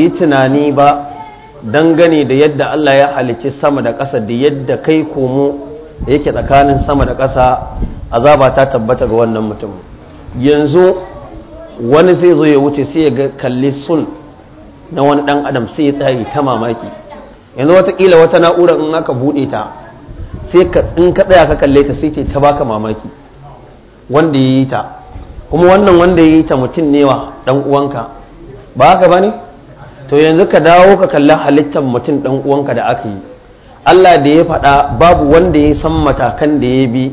yi tunani ba dangane da yadda Allah ya halicci sama da ƙasa da yadda kai komo yake tsakanin sama da ƙasa azaba ta tabbata ga wannan mutum yanzu wani sai zo ya wuce sai ya ga kalli sun na wani ɗan adam sai ya tsari ta mamaki yanzu watakila wata na'ura in aka buɗe ta sai in ka tsaya ka kalle ta sai ta baka mamaki wanda ya yi ta kuma wannan wanda ya yi ta mutum ne wa ɗan uwanka ba haka ba ne to yanzu ka dawo ka kalli halittar mutum ɗan uwanka da aka yi Allah da ya faɗa babu wanda ya san matakan da ya bi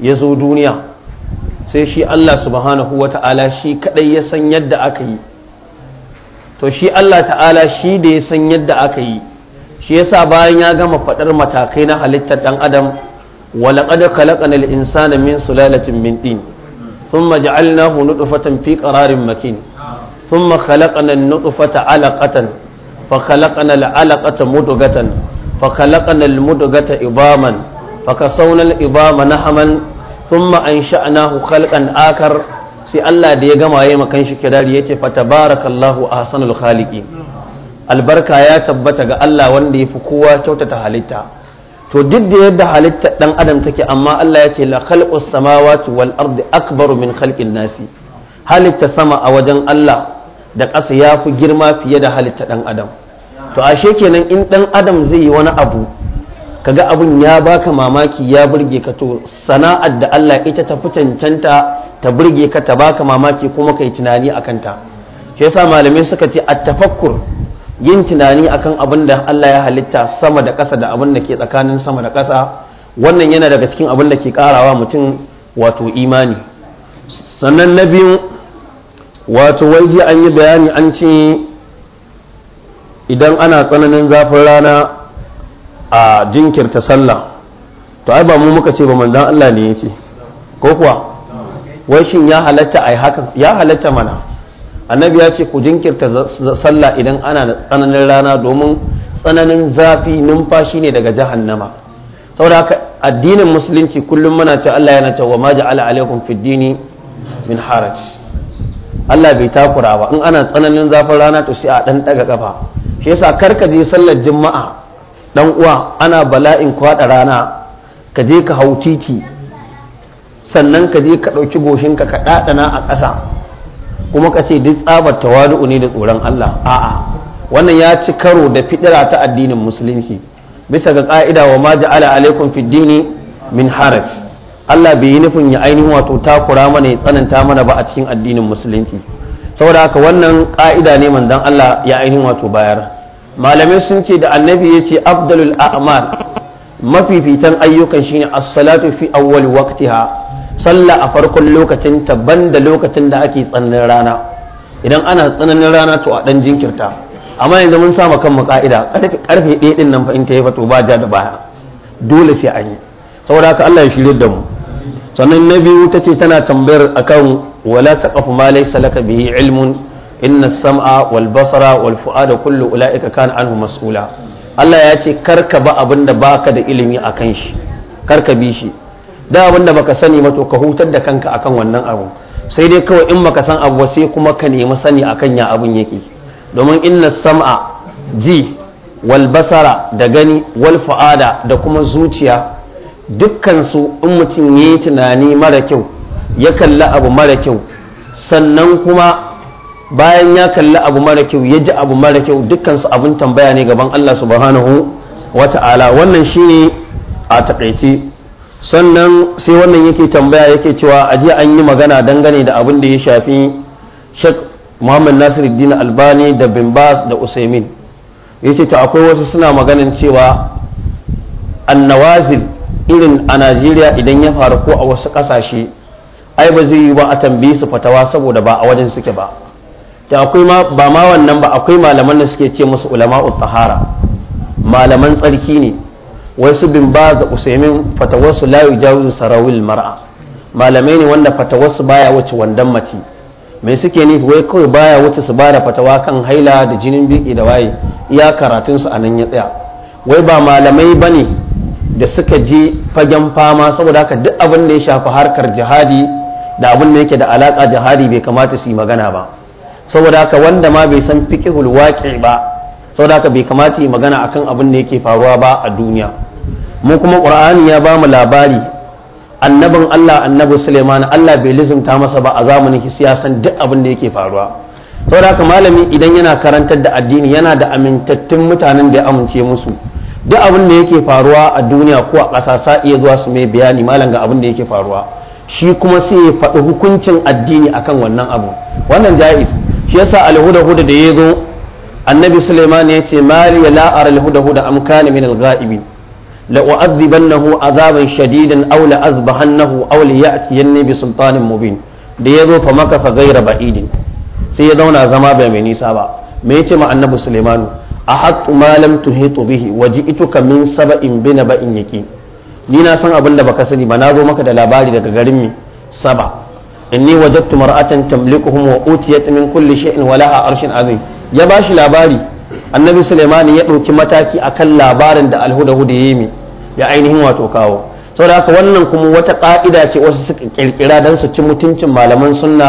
ya zo duniya sai shi Allah subhanahu wa ta'ala shi kaɗai ya san yadda aka yi to shi Allah ta'ala shi da ya san yadda aka yi shi yasa bayan ya gama faɗar matakai na halittar ɗan adam ولقد خلقنا الإنسان min سلالة sun طين ثم جعلناه نطفة fi ƙararin makin. ثم خلقنا النطفة علقة فخلقنا العلقة مدغة فخلقنا المدغة إباما فكسونا الإبام نحما ثم أنشأناه خلقا آخر sai Allah da ya gama ya makan shi kirari yace fa tabarakallahu ahsanul khaliqin albarka ya tabbata ga Allah wanda yafi kowa kyautata halitta to duk da yadda halitta dan adam take amma Allah ya yace la khalqus samawati wal ardi akbaru min halkin nasi halitta sama a wajen Allah da ƙasa ya fi girma fiye da halitta ɗan adam to ashe kenan in ɗan adam zai yi wani abu kaga abin ya baka mamaki ya burge ka to sana'ar da Allah ita ta fi cancanta ta burge ka ta baka mamaki kuma kai tunani akan ta shi yasa malamai suka ce a tafakkur yin tunani akan abin da Allah ya halitta sama da ƙasa da abin da ke tsakanin sama da ƙasa wannan yana daga cikin abin da ke karawa mutum wato imani sannan na biyu wato wai jiya an yi bayani an ce idan ana tsananin zafin rana a jinkirta sallah to ai ba mu muka ce ba manzan Allah ne ya ce ko kuwa wai shin ya halatta haka ya halatta mana annabi ya ce ku jinkirta sallah idan ana da tsananin rana domin tsananin zafi numfashi ne daga jahannama saboda haka addinin musulunci kullum muna ce Allah yana cewa ma ja'ala alaikum fid dini min haraj Allah bai takura ba in ana tsananin zafin rana to sai a dan daga kafa shi yasa kar ka je sallar juma'a dan uwa ana bala'in kwada rana ka je ka hau titi sannan ka je ka ɗauki goshin ka ɗaɗana a ƙasa kuma ka ce duk tsabar tawadu ne da tsoron Allah a'a wannan ya ci karo da fidira ta addinin musulunci bisa ga ka'ida wa ma ja'ala alaikum fid dini min haraj Allah bai yi nufin ya ainihin wato takura mana ya tsananta mana ba a cikin addinin musulunci saboda haka wannan ka'ida ne manzon Allah ya ainihin wato bayar malamai sun ce da annabi ya ce afdalul a'mal mafifitan ayyukan shine as-salatu fi awwal waqtiha sallah a farkon lokacin ta banda lokacin da ake tsananin rana idan ana tsananin rana to a dan jinkirta amma yanzu mun sama kanmu ka'ida karfe ɗaya din nan fa in ta yi fato ba ja da baya dole sai an yi saboda haka Allah ya shirye da mu sannan na biyu ta ce tana tambayar akan wala taqafu ma laysa laka bihi ilmun inna sam'a wal basara wal fu'ada kullu ulaika kana anhu mas'ula Allah ya ce karka ba abin da baka da ilimi akan shi karka bi shi da abin da baka sani ma to ka hutar da kanka akan wannan abu sai dai kawai in baka san abu sai kuma ka nemi sani akan ya abun yake domin inna sam'a ji wal basara da gani wal fu'ada da kuma zuciya dukkansu in mutum ya yi tunani mara kyau ya kalli abu mara kyau sannan kuma bayan ya kalli abu mara kyau ya ji abu mara kyau dukkansu abin tambaya ne gaban Allah subhanahu wa ta'ala wannan shi ne a takaice sannan sai wannan yake tambaya yake cewa a jiya an yi magana dangane da abin da ya shafi shek muhammad nasiruddin albani da bimbas da usaimin ya ce ta akwai wasu suna maganin cewa annawazil irin a najeriya idan ya faru ko a wasu kasashe ai ba zai yi ba a tambayi su fatawa saboda ba a wajen suke ba da akwai ba ma wannan ba akwai malaman da suke ce musu ulama tahara malaman tsarki ne wai su bin ba da usaimin fatawarsu la yujawizu sarawil mar'a malamai ne wanda fatawarsu baya wuce wandan mace mai suke ne wai kawai baya wuce su bada fatawa kan haila da jinin biki da waye iya karatunsu su anan ya tsaya wai ba malamai bane da suka je fagen fama saboda haka duk abin da ya shafi harkar jihadi da abin da yake da alaka jihadi bai kamata su yi magana ba saboda haka wanda ma bai san fiqhul waqi ba saboda haka bai kamata yi magana akan abin da yake faruwa ba a duniya mu kuma qur'ani ya ba mu labari annabin Allah annabi Suleiman Allah bai lizumta masa ba a zamanin siyasan duk abin da yake faruwa saboda haka malami idan yana karantar da addini yana da amintattun mutanen da ya amince musu duk abin da yake faruwa a duniya ko a ƙasa sa iya zuwa su mai bayani malam ga abin da yake faruwa shi kuma sai ya faɗi hukuncin addini akan wannan abu wannan jaiz shi yasa alhuda huda da ya zo annabi suleiman ya ce mali la ara alhuda huda am kana min alghaibin la u'adhibannahu azaban shadidan aw la azbahannahu aw li ya'ti bi sultanan mubin da ya zo fa maka fa ghaira ba'idin sai ya zauna zama bai mai nisa ba me yace ma annabi sulaiman ahaqu ma lam tuhitu bihi waji'tuka min saba'in bi naba'in yaqin ni na san abin da baka sani ba na zo maka da labari daga garin mi saba inni wajadtu mar'atan tamlikuhum wa utiyat min kulli shay'in wa laha arshin azim ya bashi labari annabi sulaimani ya ɗauki mataki akan labarin da alhudahuda ya yi ya ainihin wato kawo saboda haka wannan kuma wata ka'ida ce wasu suka kirkira don su ci mutuncin malaman sunna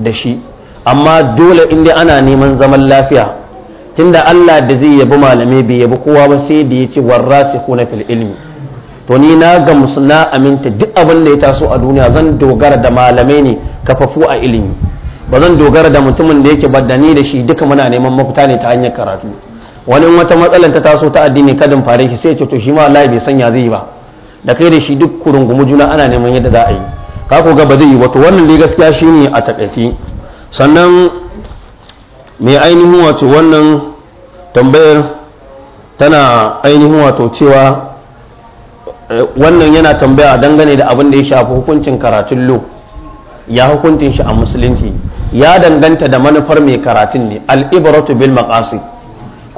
da shi amma dole in dai ana neman zaman lafiya tunda Allah da zai yabi malamai bai yabi kowa ba sai da ya ce ko na fil ilmi to ni na ga na aminta duk abin da ya taso a duniya zan dogara da malamai ne kafafu a ilimi ba zan dogara da mutumin da yake baddani da shi duka muna neman mafita ne ta hanyar karatu wani wata matsalar ta taso ta addini kadin fare shi sai ya ce to shi ma Allah bai sanya zai yi ba da kai da shi duk kurungumu juna ana neman yadda za a yi ka ko ga ba zai yi wato wannan dai gaskiya shine a takaice sannan mai ainihin wato wannan tambayar tana ainihin wato cewa eh, wannan yana tambaya dangane da abin da ya shafi hukuncin karatun lo ya hukuncin shi a musulunci ya danganta da manufar mai karatun ne al'ibaratu bil maqasi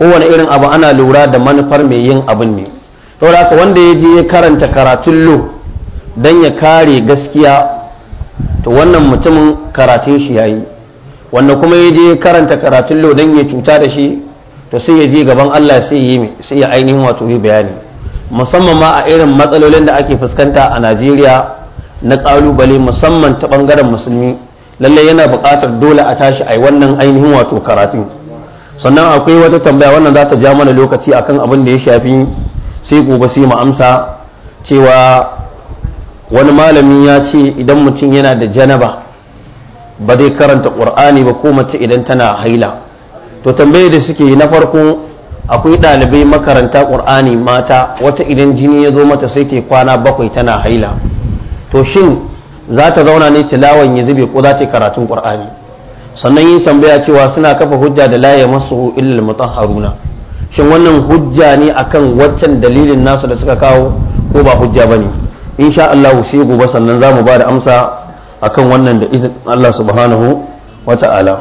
kowane irin abu ana lura da manufar mai yin abin ne saboda wanda ya je ya karanta karatun lo don ya kare gaskiya to wannan mutumin karatun shi ya yi. wanda kuma ya je karanta karatun lodan ya cuta da shi to sai ya je gaban Allah sai yi ya ainihin wato yi bayani musamman ma a irin matsalolin da ake fuskanta a Najeriya na kalubale musamman ta bangaren musulmi lallai yana buƙatar dole a tashi a wannan ainihin wato karatu sannan akwai wata tambaya wannan za ta ja mana lokaci akan abin da ya shafi sai gobe sai mu amsa cewa wani malami ya ce idan mutum yana da janaba ba zai karanta ƙur'ani ba ko mace idan tana haila to tambaye da suke na farko akwai ɗalibai makaranta ƙur'ani mata wata idan jini ya zo mata sai ta kwana bakwai tana haila to shin za ta zauna ne tilawan ya zube ko za ta karatun ƙur'ani sannan yin tambaya cewa suna kafa hujja da laye masu illal mutahharuna shin wannan hujja ne akan waccan dalilin nasu da suka kawo ko ba hujja bane insha Allah sai gobe sannan za mu ba da amsa akan wannan da izin Allah subhanahu wa ta'ala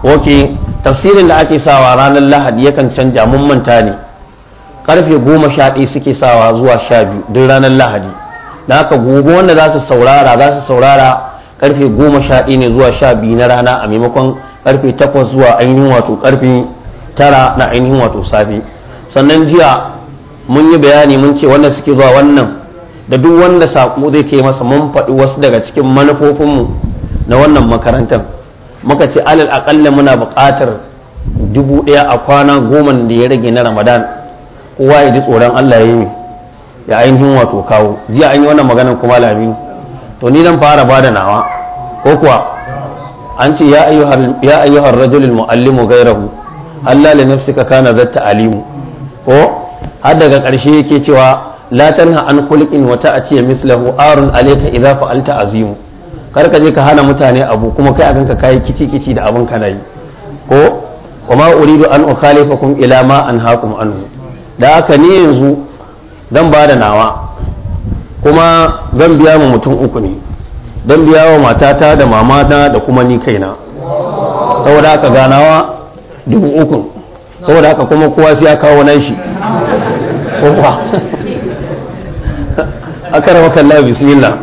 ok tafsirin da ake sawa ranar lahadi yakan canja mun manta ne karfe goma sha ɗaya suke sawa zuwa sha biyu duk ranar lahadi na haka gobe wanda za su saurara za su saurara karfe goma sha ɗaya ne zuwa sha biyu na rana a maimakon karfe takwas zuwa ainihin wato karfe tara na ainihin wato safe sannan jiya mun yi bayani mun ce wannan suke zuwa wannan da duk wanda saƙo zai ke masa mun faɗi wasu daga cikin manufofinmu na wannan makarantar muka ce alal aƙalla muna buƙatar dubu ɗaya a kwana goma da ya rage na ramadan kowa ya ji tsoron allah ya yi ya ainihin wato kawo jiya an yi wannan maganar kuma lami to ni zan fara bada nawa ko kuwa an ce ya ayyuhar rajulil mu'allimu gairahu allah li nafsika kana zatta alimu ko har daga ƙarshe yake cewa la tanha an khulqin wa ta'ti mislahu arun alayka idza fa'alta azim kar karka je ka hana mutane abu kuma kai abin ka kai kici kici da abin ka yi ko kuma uridu an ukhalifakum ila ma anhaakum anhu da haka ni yanzu dan ba da nawa kuma zan biya mu mutum uku ne dan biya wa matata da mamana da kuma ni kaina saboda haka ganawa dubu uku saboda haka kuma kowa sai ya kawo nan shi أكرمك الله بسم الله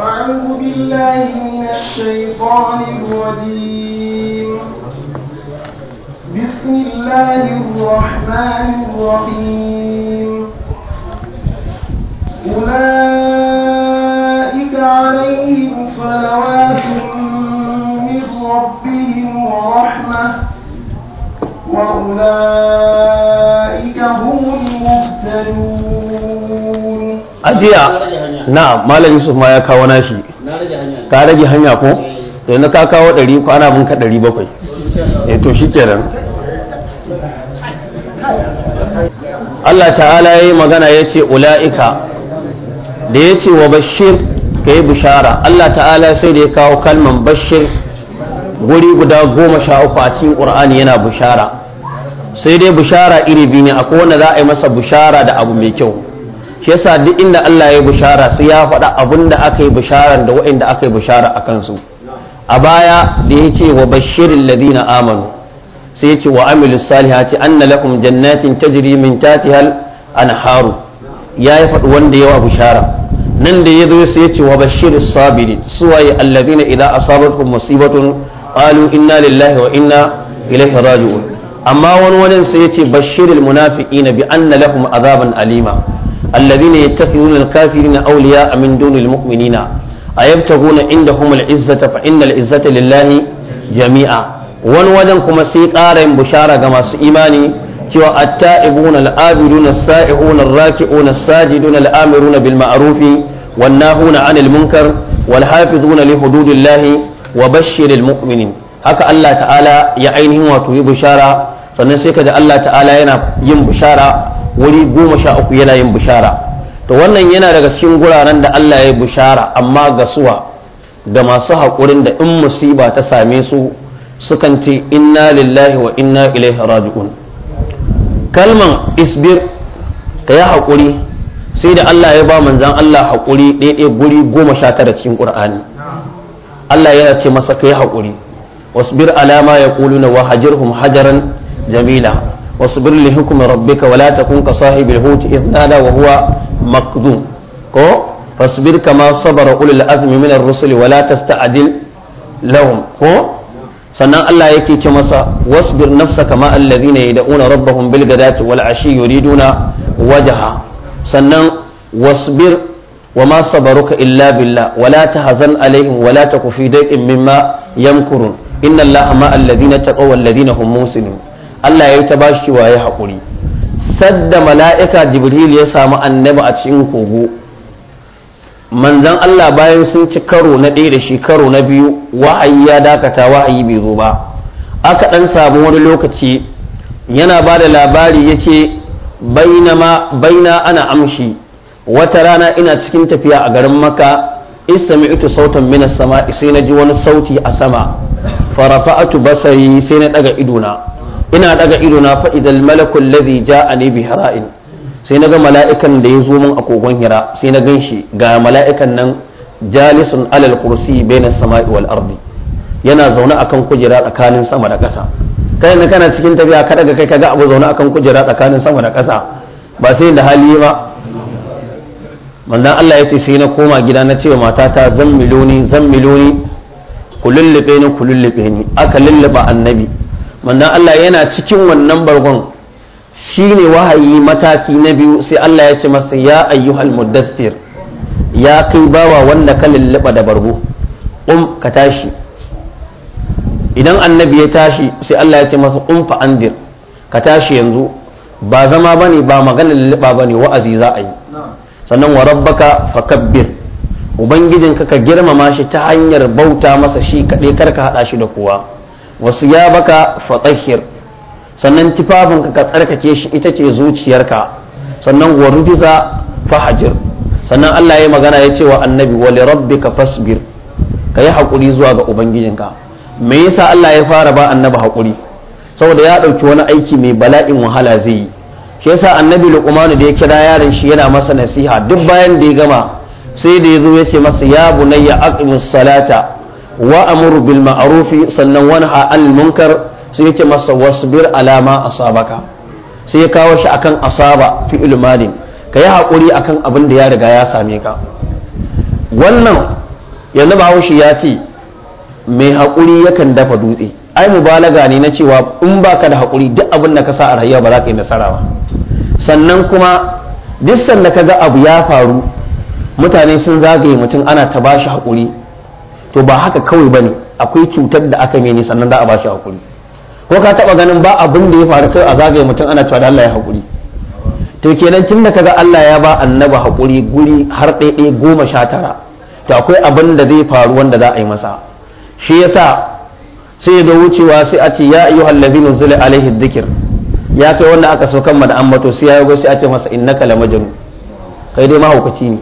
أعوذ بالله من الشيطان الرجيم بسم الله الرحمن الرحيم أولئك عليهم صلوات من ربهم ورحمه Ajiya na Malam Yusuf ma ya kawo nashi. يكاو ka rage hanya ko yanzu ka kawo ɗari ko ana bin ka ɗari bakwai e to shi kenan Allah ta'ala ya yi magana ya ce ula'ika da ya ce wa bashir ka yi bishara Allah ta'ala sai da ya kawo kalman bashir guri guda goma sha uku a cikin ƙur'ani yana bishara sai dai bushara iri biyu ne akwai wanda za a yi masa bushara da abu mai kyau shi yasa duk inda Allah ya bushara sai ya faɗa abin da aka yi bushara da waɗanda aka yi bushara a kansu a baya da ya ce wa bashirin ladina amanu sai ya ce wa amilu salihati anna lakum jannatin tajri min tatihal anharu ya yi faɗi wanda yawa bushara nan da ya zo sai ya ce wa bashir sabiri suwaye allazina idan asabatkum musibatun qalu inna lillahi wa inna ilaihi raji'un amma wani wajen sai yace bashiril munafiqina bi anna lahum azaban alima alladhina yattakhiduna al-kafirina awliya'a min dunil mu'minina ayabtaguna indahum al-izzata fa innal izzata lillahi jami'a wani wajen kuma sai ƙara yin bushara ga masu imani cewa at-ta'ibuna al-abiduna as-sa'ihuna ar-raki'una as-sajiduna al-amiruna bil ma'rufi wan nahuna 'anil munkar wal hafizuna li hududillahi wa bashiril mu'minin haka Allah ta'ala ya ainihin wato yi bushara sannan sai ka kaji Allah ta'ala yana yin bishara wuri goma sha uku yana yin bishara to wannan yana daga cikin guraren da Allah ya yi bishara amma ga suwa da masu haƙurin da in musiba ta same su sukan ce inna lillahi wa inna ilaihi raji'un kalman isbir ka yi haƙuri sai da Allah ya ba manzan Allah haƙuri ɗaiɗai guri goma sha tara cikin ƙur'ani Allah yana ce masa ka yi haƙuri bir alama ya kuluna wa hajirhum hajaran جميلا واصبر لحكم ربك ولا تكن كصاحب الحوت إذ نادى وهو مكذوب كو فاصبر كما صبر أولي العزم من الرسل ولا تستعجل لهم كو sannan Allah yake ce masa wasbir nafsa kama alladhina yad'una rabbahum bil ghadati wal ashi yuriduna wajaha sannan wasbir ma sabaruka illa billah wala tahzan alaihim wala ta fi dayqin mimma yamkurun inna allaha ma alladhina taqaw alladhina hum musinun Allah ya yi ta bashi wa ya haƙuri sadda mala'ika jibril ya samu annabi a cikin kogo manzan Allah bayan sun ci karo na ɗaya da shi karo na biyu wa'ayi ya dakata wa'ayi bai zo ba aka ɗan samu wani lokaci yana ba da labari ya ce baina ana amshi wata rana ina cikin tafiya a garin maka istami'tu sautan minas sama sai na ji wani sauti a sama farafa'atu basari sai na ɗaga idona ina daga ido na fa idal malakul ladhi ja'ani bi hira'in sai naga mala'ikan da ya zo min a kogon hira sai na ganshi ga mala'ikan nan jalisun alal kursi baina sama'i wal ardi yana zaune akan kujera tsakanin sama da ƙasa kai na kana cikin tafiya ka daga kai kaga abu zaune akan kujera tsakanin sama da ƙasa ba sai da hali ba manzon Allah ya ce sai na koma gida na ce matata zan miloni zan miloni ku ni ku lullube ni aka lullaba annabi wannan Allah yana cikin wannan bargon shine wahayi mataki na biyu sai Allah ya ce masa ya ayyuhal muddassir ya kai bawa wanda ka lulluba da bargo um ka tashi idan annabi ya tashi sai Allah ya ce masa um fa andir ka tashi yanzu ba zama bane ba magana lulluba bane wa'azi za a yi sannan wa rabbaka fakabbir ubangijinka ka girmama shi ta hanyar bauta masa shi kaɗai kar ka haɗa shi da kowa wasu ya baka fatahir sannan tufafinka ka tsarkake shi ita ce zuciyarka sannan wa fahajir sannan Allah ya magana ya ce wa annabi wa li rabbika fasbir ka yi haƙuri zuwa ga ubangijinka me yasa Allah ya fara ba annabi haƙuri saboda ya ɗauki wani aiki mai bala'in wahala zai yi shi yasa annabi luqmanu da ya kira yaron shi yana masa nasiha duk bayan da ya gama sai da ya zo ya ce masa ya bunayya aqimus salata wa amuru bil ma'arufi sannan wani a munkar sai yake masa wasbir alama asabaka sai ya kawo shi akan asaba fi ilmadin ka yi haƙuri akan abin da ya riga ya same ka wannan yanzu bahaushe ya ce mai haƙuri yakan dafa dutse ai mubalaga ne na cewa in ba ka da haƙuri duk abin da ka sa a rayuwa ba za ka yi nasara ba sannan kuma duk sanda ka ga abu ya faru mutane sun zagaye mutum ana ta bashi haƙuri to ba haka kawai ba ne akwai cutar da aka mene sannan za a ba hakuri ko ka taba ganin ba abin da ya faru kai a zagaye mutum ana cewa da Allah ya hakuri to kenan tun da kaga Allah ya ba annaba hakuri guri har ɗaiɗai goma sha tara to akwai abin da zai faru wanda za a yi masa shi yasa sai da wucewa sai a ce ya ayyuhal allazina zula alaihi dhikr ya kai wanda aka saukan ma da ambato sai ya go sai a ce masa innaka lamajnun kai dai mahaukaci ne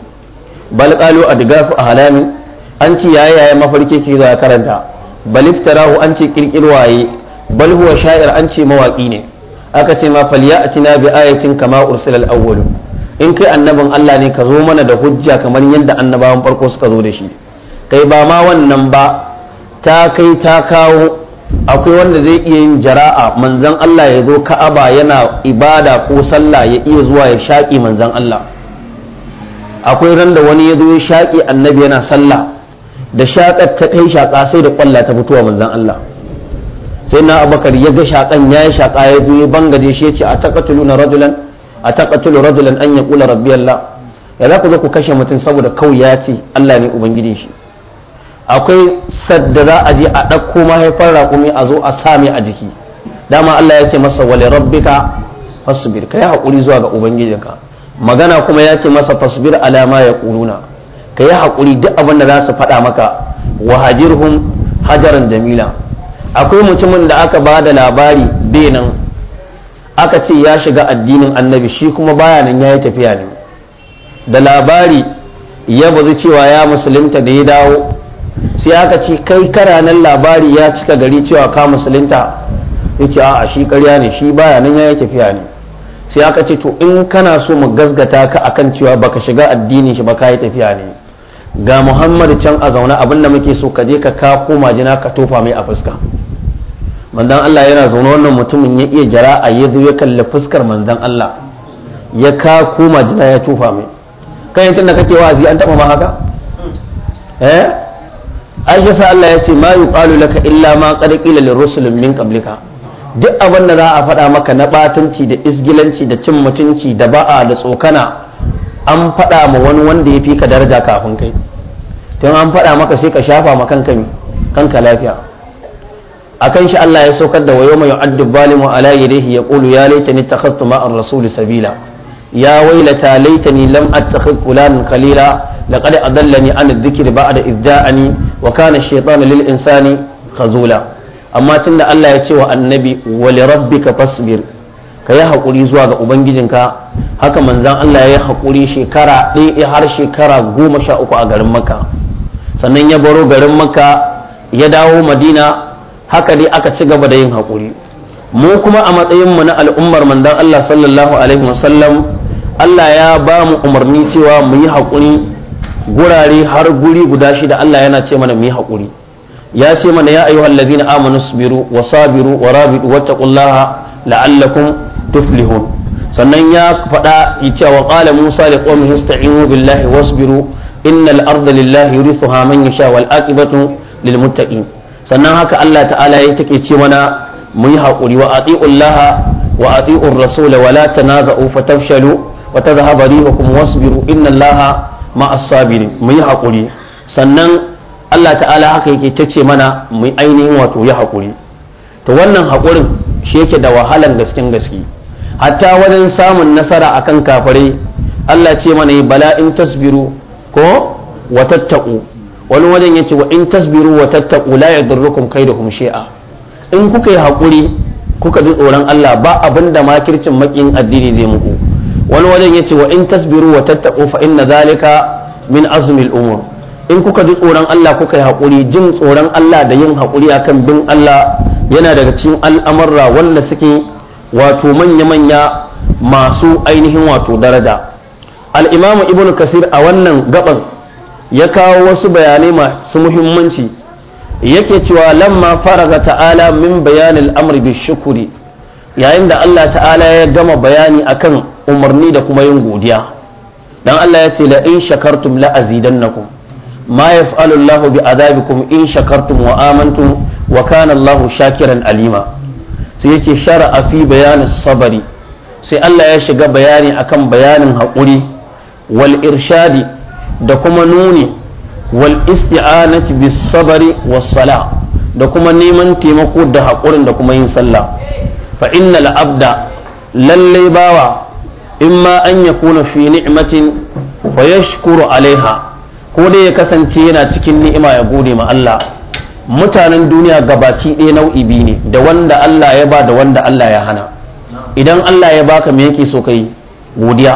bal qalu adgafu ahlamin an ce yaye-yaye mafarki ke za karanta baliftarahu an ce kirkirwaye bal huwa sha'ir an ce mawaki ne aka ce ma atina bi ayatin kama ursila al-awwal in kai annabin Allah ne ka zo mana da hujja kamar yadda annabawan farko suka zo da shi kai ba ma wannan ba ta kai ta kawo akwai wanda zai iya yin jara'a manzan Allah ya zo ka'aba yana ibada ko sallah ya iya zuwa ya shaƙi manzan Allah akwai ran da wani ya zo ya shaƙi annabi yana sallah da shaƙar ta kai shaƙa sai da ƙwalla ta fitowa manzan Allah sai na abakar ya ga shaƙan ya yi shaƙa ya zo ya bangaje shi ya ce a taƙatulu na rajulan a taƙatulu rajulan an ya ƙula rabbi Allah ya za ku zo ku kashe mutum saboda kawai ya ce Allah ne ubangijin shi akwai sadda za a je a ɗauko mahaifar raƙumi a zo a same a jiki dama Allah ya ce masa wale rabbika fasbir kai haƙuri zuwa ga ubangijinka magana kuma ya ce masa fasbir alama ya ƙuluna ka yi haƙuri duk abin da za su faɗa maka wa hajirhum hajaran jamila akwai mutumin da aka ba da labari benin aka ce ya shiga addinin annabi shi kuma baya nan ya yi tafiya ne da labari ya bazu cewa ya musulunta da ya dawo sai aka ce kai karanan labari ya cika gari cewa ka musulunta ya ce a shi karya ne shi baya nan ya yi tafiya ne sai aka ce to in kana so mu gasgata ka akan cewa baka shiga addinin shi ba ka yi tafiya ne ga muhammadu can a zaune abinda muke so ka je ka koma majina ka tofa mai a fuska manzan Allah yana zaune wannan mutumin ya iya jara a yi ya kalli fuskar manzan Allah ya koma majina ya tofa mai Kan yancin da kake wa'azi an taba ma haka eh aisha sa Allah ya ce ma yuqalu laka illa ma qad qila lirrusul min qablika duk abin da za a faɗa maka na batunci da isgilanci da cin mutunci da ba'a da tsokana an faɗa ma wani wanda ya fi ka daraja kafin kai tun an faɗa maka sai ka shafa ma kanka kanka lafiya akan shi Allah ya saukar da wayo mai yu'addu balimu ala yadihi yaqulu ya laitani ittakhadtu ma ar-rasul sabila ya wailata laitani lam attakhid fulanan khalila laqad adallani an adh-dhikri ba'da idh wa kana ash-shaytanu lil insani khazula amma tunda Allah ya ce wa annabi wa li rabbika fasbir ka yi haƙuri zuwa ga ubangijinka haka manzan Allah ya yi haƙuri shekara ɗaya har shekara goma sha uku a garin maka sannan ya baro garin maka ya dawo madina haka dai aka ci gaba da yin haƙuri mu kuma a matsayinmu na al'ummar manzan Allah sallallahu alaihi wasallam Allah ya ba mu umarni cewa mu yi haƙuri gurare har guri guda shida Allah yana ce mana mu yi haƙuri ya ce mana ya ayyuhal ladina amanu sabiru wa sabiru wa rabitu wattaqullaha la'allakum tuflihun sannan ya faɗa ya ce wa qala musa da qaumihi ista'inu billahi wasbiru innal arda lillahi yurithuha man yasha wal aqibatu lil muttaqin sannan haka Allah ta'ala ya take ce mana mu yi haƙuri wa ati'ullaha wa ati'ur rasula wa la tanaza'u fatafshalu wa tadhhabu rihukum wasbiru innallaha ma'as sabirin mu yi haƙuri sannan Allah ta'ala haka yake ta ce mana mu ainihin wato yi haƙuri to wannan haƙurin shi yake da wahalan gaskin gaske hatta wajen samun nasara akan kafare Allah ce mana yi bala in tasbiru ko wa tattaku wani wajen yace wa in tasbiru wa tattaku la yadurrukum kaiduhum shay'a in kuka yi hakuri kuka ji tsoron Allah ba abin da makircin makin addini zai muku wani wajen yace wa in tasbiru wa tattaku fa inna zalika min azumil umur in kuka ji tsoron Allah kuka yi hakuri jin tsoron Allah da yin hakuri akan bin Allah yana daga cikin al'amarra wanda suke wato manya-manya masu ainihin wato daraja al'imamu ibn kasir a wannan gaban ya kawo wasu bayanai masu muhimmanci yake cewa lamma faraga ta'ala min bayanin amri bi shukuri yayin da Allah ta'ala ya gama bayani akan umarni da kuma yin godiya dan Allah ya ce la in shakartum la azidannakum ma yaf'alu Allahu bi azabikum in shakartum wa amantum wa kana Allahu shakiran alima sai yake shar'a fi bayanin sabari sai Allah ya shiga bayani akan bayanin haƙuri wal irshadi da kuma nuni wal isti'anati bis sabari was sala da kuma neman taimako da haƙurin da kuma yin sallah fa innal abda lallai bawa imma an yakuna fi ni'matin fa yashkuru alaiha ko dai ya kasance yana cikin ni'ima ya gode ma Allah mutanen duniya gabaki ɗaya nau'i biyu ne da wanda Allah ya ba da wanda Allah ya hana idan Allah ya baka me yake so kai godiya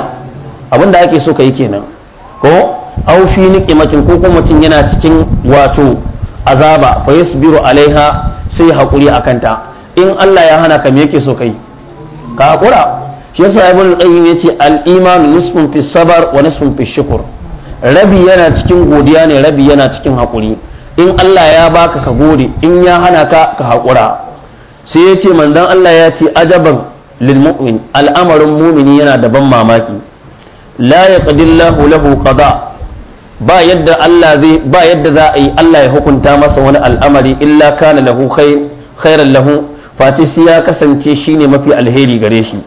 abin ake so kai kenan ko aufi fi niqimatin ko kuma mutum yana cikin wato azaba fa yasbiru alaiha sai hakuri akan ta in Allah ya hana ka me yake so kai ka hakura shi yasa ibn qayyim yace al-iman nusfun fi sabr wa nusfun fi shukr rabi yana cikin godiya ne rabi yana cikin hakuri in Allah ya baka ka gode in ya hana ka ka haƙura sai ya ce manzon Allah ya ce ajaban lilmu'min al'amarin mumini yana da ban mamaki la yaqdillahu lahu qada ba yadda Allah zai ba yadda za a yi Allah ya hukunta masa wani al'amari illa kana lahu khairan lahu fatisi ya kasance shine mafi alheri gare shi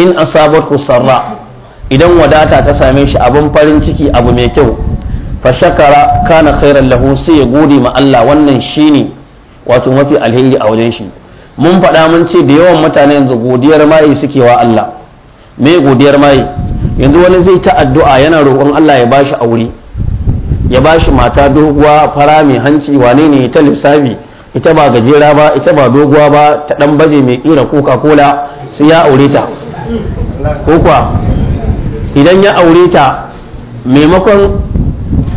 in asabatu sarra idan wadata ta same shi abin farin ciki abu mai kyau fa shakara kana khairan lahu sai ya gode ma Allah wannan shine wato mafi alheri a wajen shi mun faɗa mun ce da yawan mutane yanzu godiyar mai suke wa Allah me godiyar mai yanzu wani zai ta addu'a yana roƙon Allah ya bashi aure ya bashi mata doguwa fara mai hanci wane ne ta lissafi ita ba gajera ba ita ba doguwa ba ta dan baje mai ƙira coca cola sai ya aure ta ko kuwa idan ya aure ta maimakon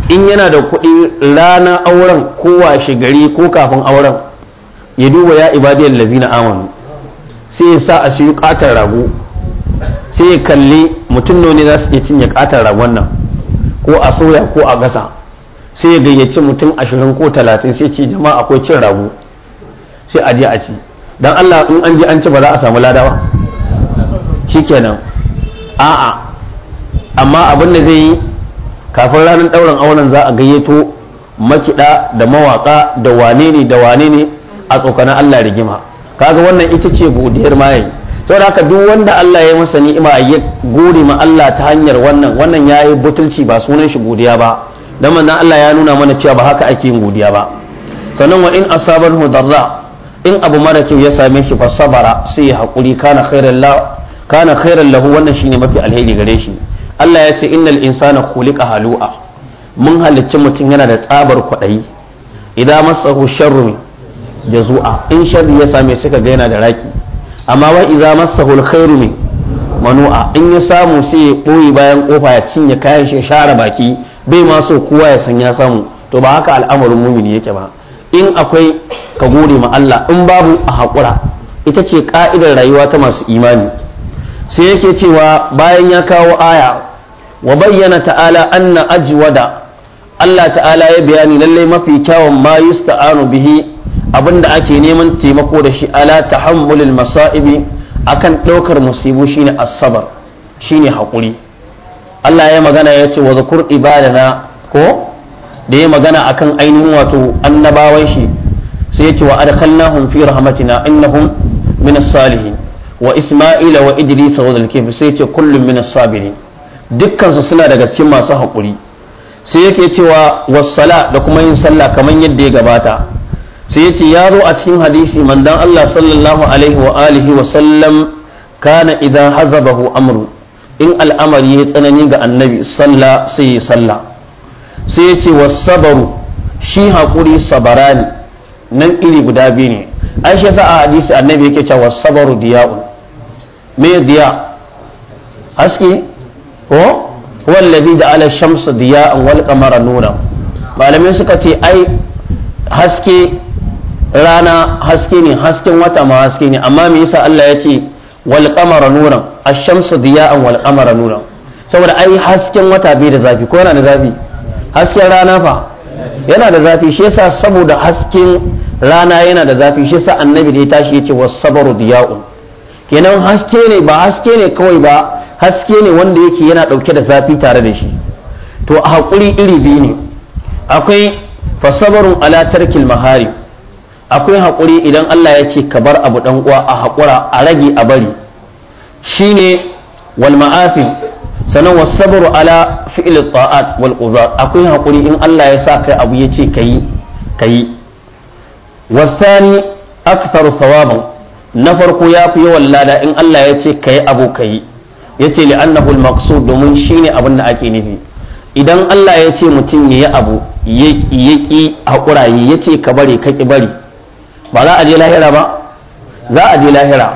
in yana da kuɗi ranar auren ko washe gari ko kafin auren ya duba ya ibadiyar lazina amanu sai ya sa a siyo katar rago sai ya kalli mutum ne za su iya cinye katar ragon nan ko a soya ko a gasa sai ya gayyaci mutum ashirin ko talatin sai ce jama'a akwai cin rago sai a je a ci dan Allah in an je an ci ba za a samu lada ba shikenan a'a amma abin da zai yi kafin ranar ɗaurin auren za a gayyato makiɗa da mawaƙa da wane ne da wane ne a tsokanin Allah rigima kaga wannan ita ce godiyar mayayi saboda haka duk wanda Allah ya masa ni'ima ya gode ma Allah ta hanyar wannan wannan yayi butulci ba sunan shi godiya ba dan manzon Allah ya nuna mana cewa ba haka ake yin godiya ba sannan wa in asabahu darra in abu mara kyau ya same shi fasabara sai ya hakuri kana khairan la lahu wannan shine mafi alheri gare shi Allah ya ce innal insana khuliqa halu'a mun halicci mutum yana da tsabar kwaɗayi idan masahu sharru jazu'a in sharri ya same shi kaga yana da raki amma wa idan masahu alkhairu manu'a in ya samu sai ya boye bayan kofa ya cinye kayan shi share baki bai ma so kowa ya san ya samu to ba haka al'amarin mumini yake ba in akwai ka gode ma Allah in babu a haƙura ita ce ka'idar rayuwa ta masu imani sai yake cewa bayan ya kawo aya wa bayyana ta'ala anna ajwada Allah ta'ala ya bayani lallai mafi kyawun ma yusta'anu bihi abinda ake neman taimako da shi ala tahammulil masa'ibi akan ɗaukar musibu shine asabar shine haƙuri Allah ya magana ya ce wa ibadana ko da ya magana akan ainihin wato annabawan shi sai ya ce wa adkhalnahum fi rahmatina innahum min as-salihin wa isma'ila wa idris wa dhul sai ya ce kullum min as dukkansu suna daga cikin masu hakuri sai yake cewa wassala da kuma yin sallah kamar yadda ya gabata sai yace ya zo a cikin hadisi mandan Allah sallallahu alaihi wa alihi wa sallam kana idan hazabahu amru in al'amari ya tsanani ga annabi sallah sai ya sallah sai yace wasabaru shi hakuri sabarani nan iri guda biyu ne an shi sa a hadisi annabi yake cewa wasabaru diya'un me diya haske ko wallazi da ala shamsu diya'an wal qamara nuran malamai suka ce ai haske rana haske ne hasken wata ma haske ne amma me yasa Allah ya ce wal qamara nuran ash-shamsu diya'an wal qamara nuran saboda ai hasken wata bai da zafi ko yana da zafi hasken rana fa yana da zafi shi yasa saboda hasken rana yana da zafi shi yasa annabi da ya tashi yace was diya'un kenan haske ne ba haske ne kawai ba haske ne wanda yake yana ɗauke da zafi tare da shi to a haƙuri iri biyu ne akwai fasabarun ala tarkil mahari akwai haƙuri idan Allah ya ce ka bar abu ɗan uwa a haƙura a rage a bari shine wal ma'afi sannan wasabaru ala fi'il ta'at wal qudrat akwai haƙuri in Allah ya sa kai abu ya ce kayi kayi wasani aktsaru sawaban na farko ya fi yawan lada in Allah ya ce kayi abu kayi. yace li annahu al-maqsud domin shine abin da ake nufi idan Allah ya ce mutum yayi abu ya ki hakura ya ce ka bari ka ki bari ba za a je lahira ba za a je lahira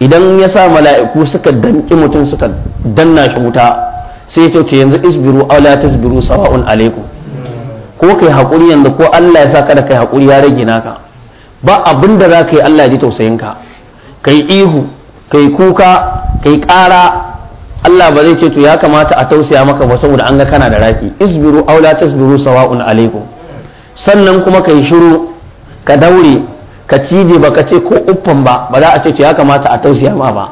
idan ya sa mala'iku suka danki mutum suka danna shi wuta sai ya ce yanzu isbiru aw la tasbiru sawa'un alaikum ko kai hakuri yanzu ko Allah ya sa kada kai hakuri ya rage naka ba abin da za ka yi Allah ya ji tausayinka ka ihu kai kuka kai kara. ƙara Allah ba zai ce to ya kamata a tausaya maka ba saboda an ga kana da raki isbiru aw la tasbiru sawa'un alaikum sannan kuma kai shiru ka daure ka cije ba ka ce ko uffan ba ba za a ce to ya kamata a tausaya ma ba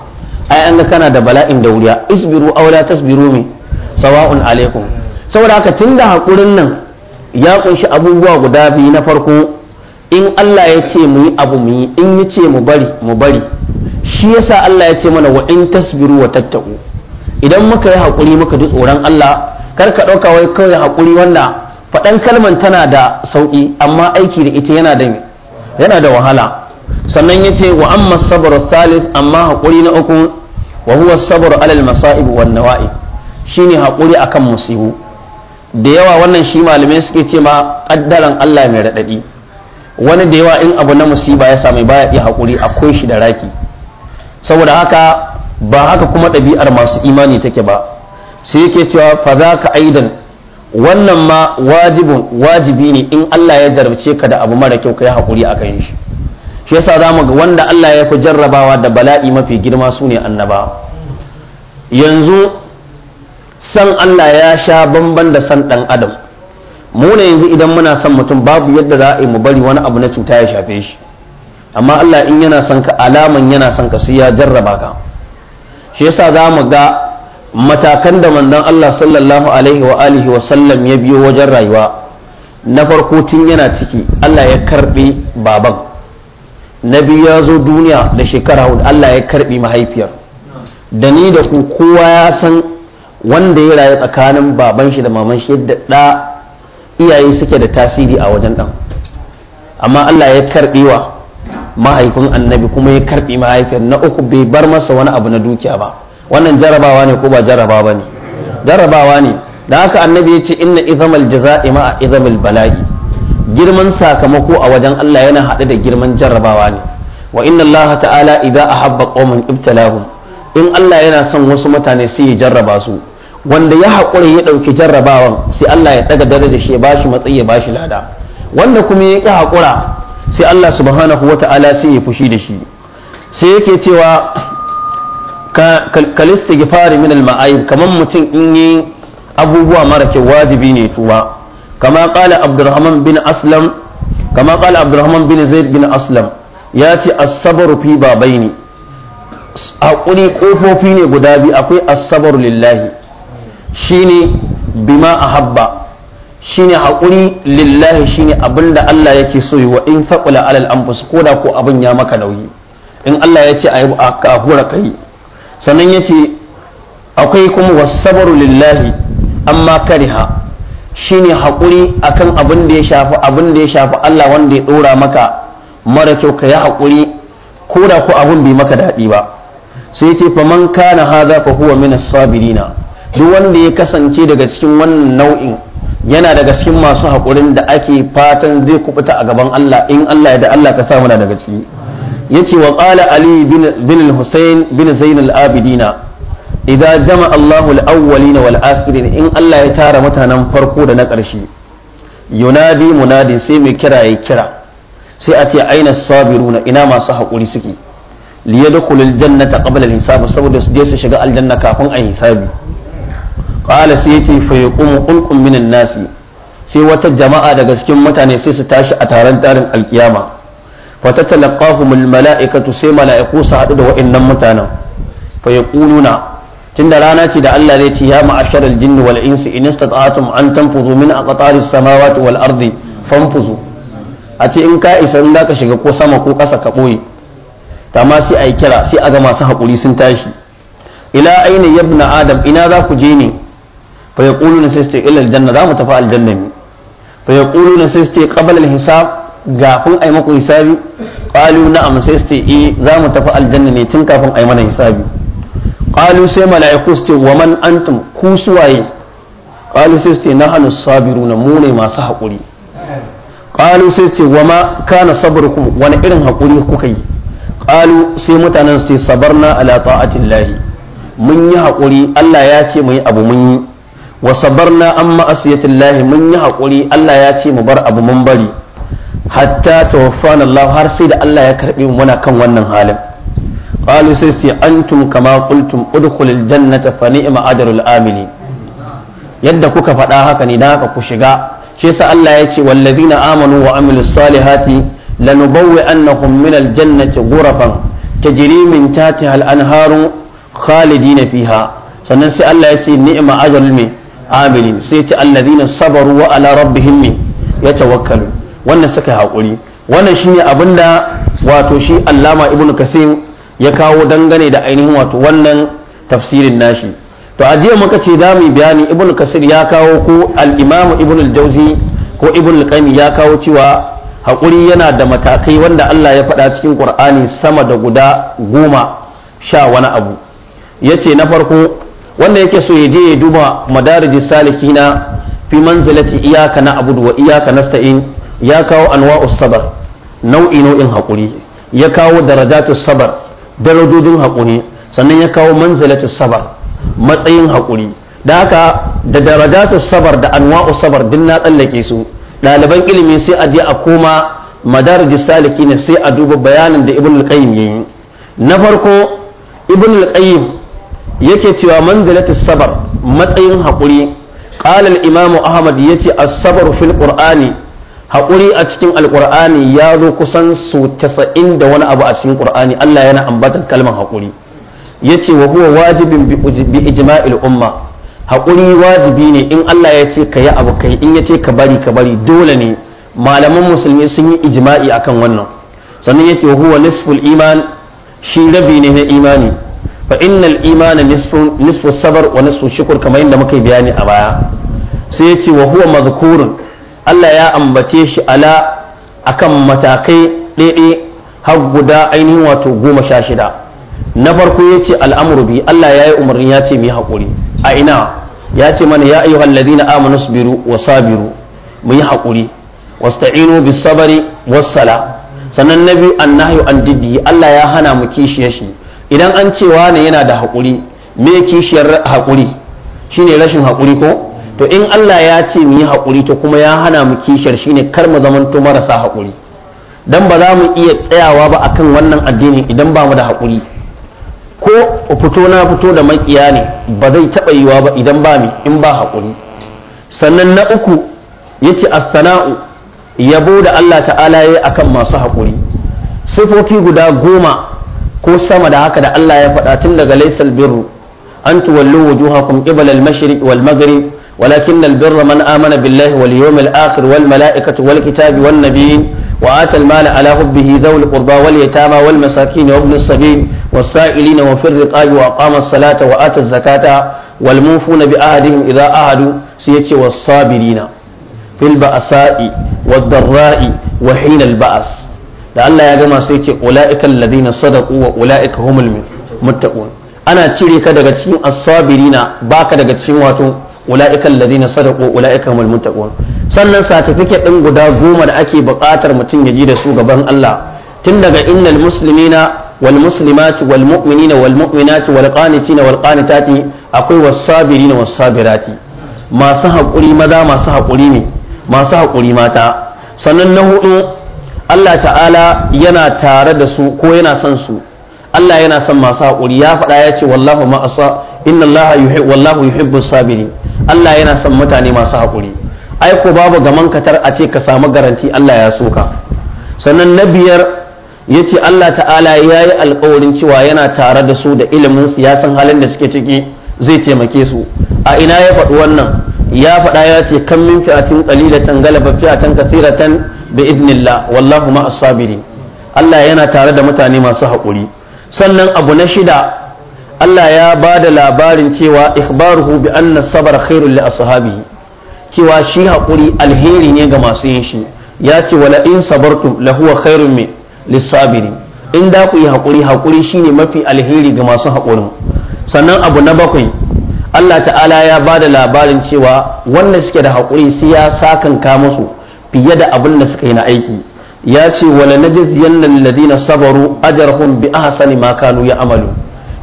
ai an ga kana da bala'in da wuriya. isbiru aw la tasbiru mi sawa'un alaikum saboda haka tunda hakurin nan ya kunshi abubuwa guda biyu na farko in Allah ya ce mu yi abu mu yi in ya ce mu bari mu bari shi yasa Allah ya ce mana wa in tasbiru wa tattaku idan muka yi haƙuri muka ji tsoron Allah kar ka ɗauka wai kawai haƙuri wanda faɗan kalman tana da sauƙi amma aiki da ita yana da yana da wahala sannan ya ce wa amma sabar salis amma haƙuri na uku wa huwa sabar alal masa'ib wan shine haƙuri akan musibu da yawa wannan shi malamai suke ce ma ƙaddaran Allah mai raɗaɗi wani da yawa in abu na musiba ya sami baya iya haƙuri akwai shi da raki saboda haka ba haka kuma ɗabi'ar masu imani take ba sai yake cewa fa za ka aidan wannan ma wajibin wajibi ne in Allah ya jarabce ka da abu mara kyau ka yi haƙuri a kan shi shi yasa za mu ga wanda Allah ya fi jarrabawa da bala'i mafi girma su ne annaba. yanzu san Allah ya sha bamban da san ɗan adam mu ne yanzu idan muna son mutum babu yadda za a yi mu bari wani abu na cuta ya shafe shi amma Allah in yana son ka alaman yana son ka sai ya jarraba ka shi yasa za mu ga matakan da manzon Allah sallallahu alaihi wa alihi wa sallam ya biyo wajen rayuwa na farko tun yana ciki Allah ya karbi baban na biyu ya zo duniya da shekara hudu Allah ya karbi mahaifiyar da ni da ku kowa ya san wanda ya rayu tsakanin baban shi da maman shi yadda da iyaye suke da tasiri a wajen dan amma Allah ya karbi wa mahaifin annabi kuma ya karbi mahaifiyar na uku bai bar masa wani abu na dukiya ba wannan jarabawa ne ko ba jaraba ba ne jarabawa ne da haka annabi ya ce inna izamal jaza'i ma'a izamal bala'i girman sakamako a wajen Allah yana haɗe da girman jarrabawa ne wa inna Allah ta'ala idza ahabba qauman ibtalahum in Allah yana son wasu mutane sai ya jarraba su wanda ya haƙura ya ɗauki jarrabawan sai Allah ya ɗaga dare da shi ya bashi matsayi ya bashi lada wanda kuma ya ƙi haƙura sai Allah subhanahu wata'ala sai ya fushi da shi sai yake cewa kalista gifari min al-ma'ayib kamar mutum in yi abubuwa mara kyau wajibi ne tuwa kama qala abdurrahman bin aslam kama qala abdurrahman bin zaid bin aslam ya ce as-sabru fi babaini hakuri kofofi ne guda biyu akwai as lillahi shine bima habba. shine haƙuri lillahi shine abin da Allah yake so yi wa in saƙula alal anfus ko da ko abin ya maka nauyi in Allah ya ce a kafura kai sannan yace akwai kuma wasabaru lillahi amma kariha shine hakuri akan abin da ya shafi abin da ya shafi Allah wanda ya ɗora maka mara kyau ka yi haƙuri ko da ko abin bai maka daɗi ba sai ce man kana hadha fa huwa min as-sabirina duk wanda ya kasance daga cikin wannan nau'in yana daga cikin masu haƙurin da ake fatan zai kubuta a gaban Allah in Allah ya da Allah ka samu daga ciki yace wa qala ali bin husayn bin zain al-abidina idza jama Allahu al-awwalina wal akhirin in Allah ya tara mutanen farko da na ƙarshe yunadi munadi sai mai kira ya kira sai a ce aina sabiruna ina masu haƙuri suke liyadkhulul jannata qabla al-hisab saboda su je su shiga aljanna kafin a hisabi qala sai yace fa yaqumu qulqum minan nasi sai wata jama'a daga cikin mutane sai su tashi a taron tarin alkiyama fa tatalaqahumul mala'ikatu sai mala'iku su haɗu da wa'annan mutanen fa yaquluna tunda rana ce da Allah zai ce ya ma'ashar jinni wal insi in istata'tum an tanfuzu min aqtari samawati wal ardi fanfuzu a ce in ka isa in zaka shiga ko sama ko ƙasa ka boye ta ma sai kira sai a ga masu haƙuri sun tashi ila aina yabna adam ina za ku je ne fa yaquluna sai sai ila aljanna za mu tafi aljanna ne fa yaquluna sai sai qabla alhisab gafin ai maku hisabi qalu na'am sai sai eh za mu tafi aljanna ne tun kafin ai mana hisabi qalu sai mala'iku su ce wa man antum ku suwaye qalu sai su ce nahnu sabiruna mu ne masu haƙuri qalu sai su ce wa ma kana sabrukum wani irin haƙuri kuka yi ƙalu sai mutanen su ce sabarna ala ta'atillahi mun yi haƙuri Allah ya ce mu yi abu mun yi wasabar na an ma'asiyatillahi mun yi haƙuri Allah ya ce mu bar abu mun bari hatta tawaffana Allah har sai da Allah ya karɓi mu muna kan wannan halin qalu sai ce antum kama qultum udkhulul jannata fa ni'ma ajrul amili yadda kuka faɗa haka ne da haka ku shiga shi yasa Allah ya ce wallazina amanu wa amilus salihati lanubawwi'annahum minal jannati ghurafan tajri min tahtiha al-anharu khalidina fiha sannan sai Allah ya ce ni'ma ajrul amilin sai ce allazina sabaru wa ala rabbihim ya tawakkalu wannan suka haƙuri wannan shine abin da wato shi allama ibnu kasir ya kawo dangane da ainihin wato wannan tafsirin nashi to a jiya muka ce za mu bayani ibnu kasir ya kawo ko al-imamu ibnu al-jawzi ko ibnu al-qayyim ya kawo cewa haƙuri yana da matakai wanda Allah ya faɗa cikin Qur'ani sama da guda goma sha wani abu yace na farko wanda yake so ya je ya duba madarijis salikina fi manzilati iyaka na abudu wa iyaka nasta'in ya kawo anwa'us sabar nau'i nau'in hakuri ya kawo darajatus sabar darajojin hakuri sannan ya kawo manzilatus sabar matsayin hakuri da haka da darajatus sabar da anwa'us sabar din na tsallake su ɗaliban ilimi sai a je a koma madarijis salikina sai a duba bayanin da ibn al-qayyim yayi na farko ibn al-qayyim yake cewa manzilati sabar matsayin haƙuri ƙalal al-imam ahmad yace ce asabar fil qur'ani haƙuri a cikin alƙur'ani ya zo kusan su casa'in da wani abu a cikin ƙur'ani Allah yana ambatar kalmar haƙuri yace wa huwa wajibin bi ijma'il umma haƙuri wajibi ne in Allah ya ce ka yi abu kai in ya ce ka bari ka bari dole ne malaman musulmi sun yi ijma'i akan wannan sannan yace wa huwa nisful iman shi rabi ne na imani fa innal imana nisfu sabar wa nisfu shukur kamar yadda muka bayani a baya sai yace wa huwa Allah ya ambace shi ala akan matakai ɗaiɗe har guda ainihin wato goma sha shida na farko yace al'amru bi Allah ya yi umarni yace ce hakuri a ina yace mana ya ayyuhal ladina amanu sabiru wa sabiru muyi hakuri haƙuri wasta'inu bis sabari was sala sannan na biyu annahyu an diddi Allah ya hana mu kishiyar shi idan an ce wane yana da haƙuri me kishiyar haƙuri shine rashin haƙuri ko to in Allah ya ce mu yi haƙuri to kuma ya hana mu kishiyar shine kar mu zamanto marasa haƙuri dan ba za mu iya tsayawa ba akan wannan addinin idan ba mu da haƙuri ko fito na fito da makiya ne ba zai taɓa yiwa ba idan ba mu in ba haƙuri sannan na uku yace as-sana'u yabo da Allah ta'ala yayi akan masu haƙuri sifofi guda goma ko sama da haka da Allah ya faɗa tun daga laysal birru an tuwallu wujuhakum qibala al-mashriq wal maghrib ولكن البر من آمن بالله واليوم الآخر والملائكة والكتاب والنبيين وآتى المال على حبه ذوي القربى واليتامى والمساكين وابن السبيل والسائلين وفي الرقاب وأقام الصلاة وآتى الزكاة والموفون بأهدهم إذا أهدوا سيتي والصابرين في البأساء والضراء وحين البأس da Allah ya gama sai ke ula'ikal ladina sadaqu wa ula'ika humul muttaqun ana cire ka daga cikin as-sabirina baka daga cikin wato ula'ikal ladina sadaqu wa ula'ika humul muttaqun sannan certificate din guda goma da ake buƙatar mutum ya ji da su gaban Allah tun daga innal muslimina والمسلمات والمؤمنين والمؤمنات والقانتين والقانتات akwai والصابرين والصابرات masu haƙuri maza masu haƙuri ne masu haƙuri mata sannan na hudu Allah ta'ala yana tare da su ko yana son su Allah yana son masu haƙuri ya faɗa ya ce wallahu ma'asa inna Allah yuhib wallahu yuhibbu sabiri Allah yana son mutane masu haƙuri ai babu gaman katar a ce ka samu garanti Allah ya soka sannan na biyar ya ce Allah ta'ala ya yi alƙawarin cewa yana tare da su da ilimin siyasan halin da suke ciki zai taimake su a ina ya faɗi wannan ya faɗa ya ce kan min fi'atin qalilatan galaba fi'atan kasiratan bi idnillah wallahu ma as-sabirin Allah yana tare da mutane masu haƙuri sannan abu na shida Allah ya ba da labarin cewa ikhbaruhu bi anna ashabi cewa shi haƙuri alheri ne ga masu ya ce wala in sabartum la huwa in yi haƙuri shine mafi alheri ga masu sannan abu na bakwai Allah ta'ala ya ba da labarin cewa wanda suke da haƙuri sai ya sakanka musu fiye da abin da suka yi na aiki ya ce wala najziyanna alladhina sabaru ajrahum bi ahsani ma kanu ya'malu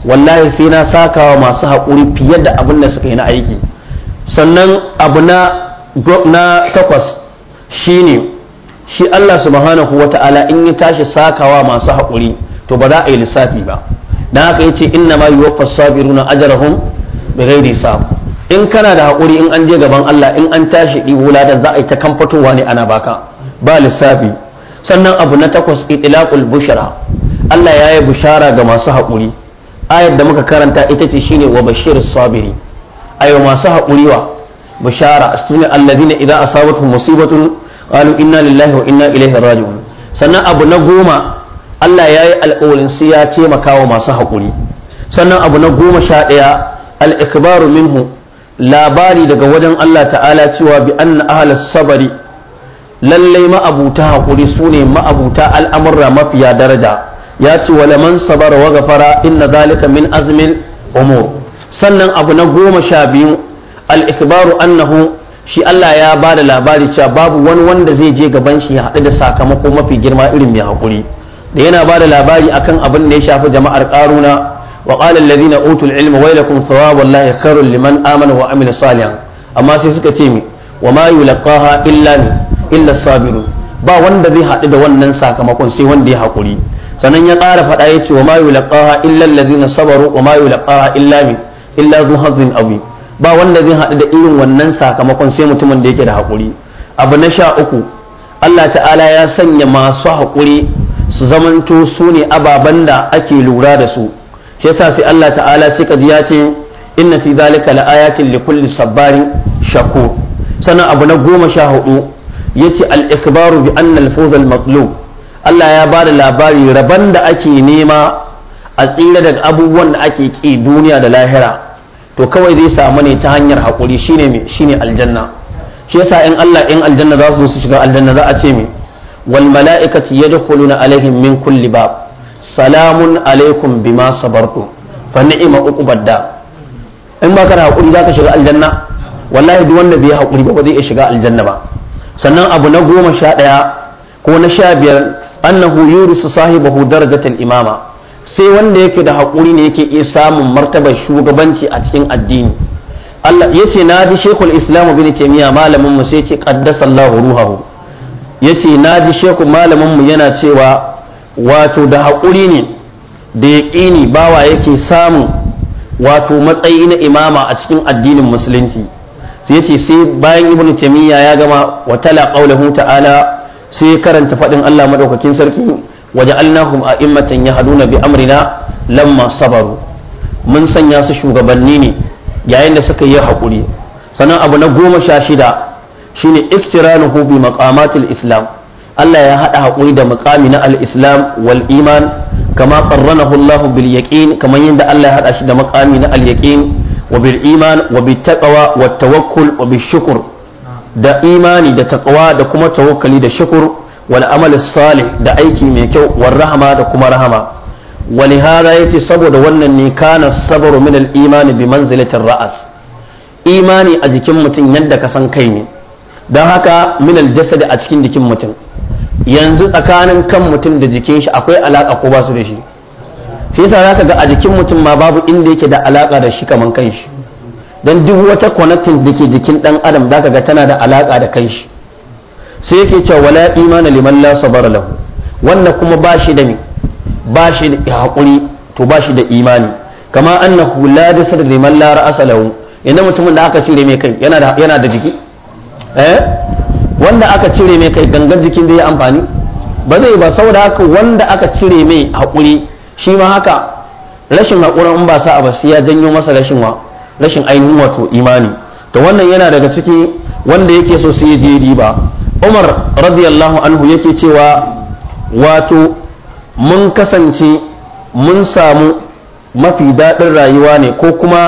wallahi sai na sakawa masu haƙuri fiye da abin da suka yi na aiki sannan abu na na takwas shine shi Allah subhanahu wata'ala in ya tashi sakawa masu haƙuri to ba za a yi lissafi ba dan haka yace inna ma yuwaffas sabiruna ajrahum bighairi hisab in kana da haƙuri in an je gaban Allah in an tashi ɗiwo ladan za a yi ta kamfatowa ne ana baka ba lissafi sannan abu na takwas itlaqul bushra Allah ya yi bushara ga masu haƙuri ayar da muka karanta ita ce shine wa bashir sabiri ayo masu haƙuri wa bushara sune alladhina idza asabatuhum musibatun qalu inna lillahi wa inna ilaihi raji'un sannan abu na goma Allah ya yi alƙawarin su ya taimaka wa masu haƙuri sannan abu na goma sha ɗaya al-ikbaru minhu labari daga wajen Allah ta'ala cewa bi an ahlus sabari lallai ma'abuta hakuri sune ma'abuta al'amurra mafiya daraja ya ce wa laman sabara wa gafara inna zalika min azmin umur sannan abu na goma sha biyu al-ikbaru annahu shi Allah ya ba da labari cewa babu wani wanda zai je gaban shi ya haɗu da sakamako mafi girma irin mai hakuri da yana ba da labari akan abin da ya shafi jama'ar ƙaruna وقال الذين أوتوا العلم ويلكم ثواب الله خير لمن آمن وعمل صالحا أما سيسك تيمي وما يلقاها إلا إلا الصابرون با wanda zai haɗu da wannan sakamakon sai wanda ya haƙuri sannan ya ƙara faɗa ya ce wa ma yulqaha illa allazina sabaru wa ma yulqaha illa min illa zu hazin abi ba wanda zai haɗu da irin wannan sakamakon sai mutumin da yake da haƙuri abu na sha uku Allah ta'ala ya sanya masu haƙuri su zamanto su ne ababen da ake lura da su shi sai Allah ta'ala sai ji ya ce inna fi zalika laayatin li kulli shakur sannan abu na goma sha hudu yace al-ikbaru bi anna al-fawz al-matlub Allah ya ba da labari rabon da ake nema a tsira daga abubuwan da ake ki duniya da lahira to kawai zai samu ne ta hanyar haƙuri shine shine aljanna shi yasa in Allah in aljanna za su shiga aljanna za a ce me wal mala'ikati yadkhuluna alaihim min kulli bab salamun alaikum bima sabartu fa ni'ma uqbad in ba da hakuri zaka shiga aljanna wallahi duk wanda bai hakuri ba ba zai shiga aljanna ba sannan abu na goma sha ɗaya ko na sha biyar annahu yurisu sahibahu darajatal imama sai wanda yake da hakuri ne yake iya samun martabar shugabanci a cikin addini Allah yace na ji Sheikhul Islam Ibn Taymiyyah malamin mu sai yace qaddasa Allahu ruhahu yace na ji Sheikh malamin mu yana cewa wato da haƙuri ne da yaƙini bawa yake samu wato matsayi na imama a cikin addinin musulunci sai yace sai bayan ibn taymiya ya gama wa tala qawluhu ta'ala sai karanta faɗin Allah madaukakin sarki waja'alnahum a'immatan yahduna bi amrina lamma sabaru mun sanya su shugabanni ne yayin da suka yi haƙuri sannan abu na goma sha shida shine iktiranuhu bi maqamatil islam Allah ya haɗa haƙuri da mukami na al-islam wal iman kama qarranahu Allah bil yaqin kamar yadda Allah ya haɗa shi da makami na al yaqin iman wa bit taqwa wa da imani da taqwa da kuma tawakkali da shukur wal amal salih da aiki mai kyau wal rahama da kuma rahama wani hada ya ce saboda wannan ne kana sabaru min al-imani bi manzilatin ra'as imani a jikin mutum yadda ka san kai ne dan haka min al a cikin jikin mutum yanzu tsakanin kan mutum da jikin shi akwai alaƙa ko ba su da shi sai za zaka ga a jikin mutum ma babu inda yake da alaƙa da shi kaman kan shi dan duk wata connecting da ke jikin dan adam zaka ga tana da alaƙa da kan shi sai yake cewa wala imana liman la sabara lahu wannan kuma ba shi da ba shi da hakuri to ba shi da imani kama annahu la jasad liman la ra'asa lahu inda mutumin da aka cire mai kai yana da jiki eh? wanda aka cire mai kai gangan jikin zai yi amfani ba zai ba saboda haka wanda aka cire mai haƙuri shi ma haka rashin haƙurin in ba sa a basu ya janyo masa rashin wa rashin ainihin wato imani to wannan yana daga ciki wanda yake so su yi je riba Umar radiyallahu anhu yake cewa wato mun kasance mun samu mafi daɗin rayuwa ne ko kuma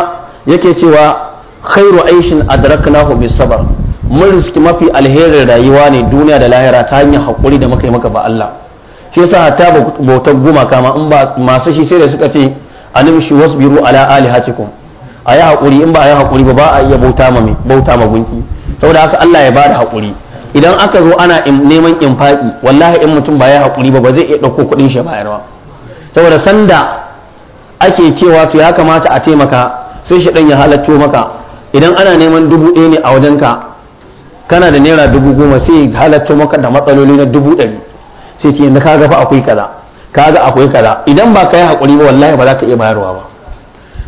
yake cewa khairu aishin adraknahu bis bisabar mun riski mafi alherin rayuwa ne duniya da lahira ta hanyar haƙuri da muka yi maka ba Allah shi yasa hatta bautar gumaka ma in ba masu shi sai da suka ce annabi shi biru ala ali a yi haƙuri in ba yi haƙuri ba ba a iya bauta ma gunki saboda haka Allah ya bada haƙuri idan aka zo ana neman infaki wallahi in mutum ba ya haƙuri ba ba zai iya ɗauko kuɗin shi bayarwa saboda sanda ake cewa to ya kamata a taimaka sai shi ya halatto maka idan ana neman dubu ɗaya ne a wajenka kana da naira dubu goma sai halatta maka da matsaloli na dubu ɗari sai ce yanzu kaga fa akwai kaza kaga akwai kaza idan ba ka yi haƙuri ba wallahi ba za ka iya bayarwa ba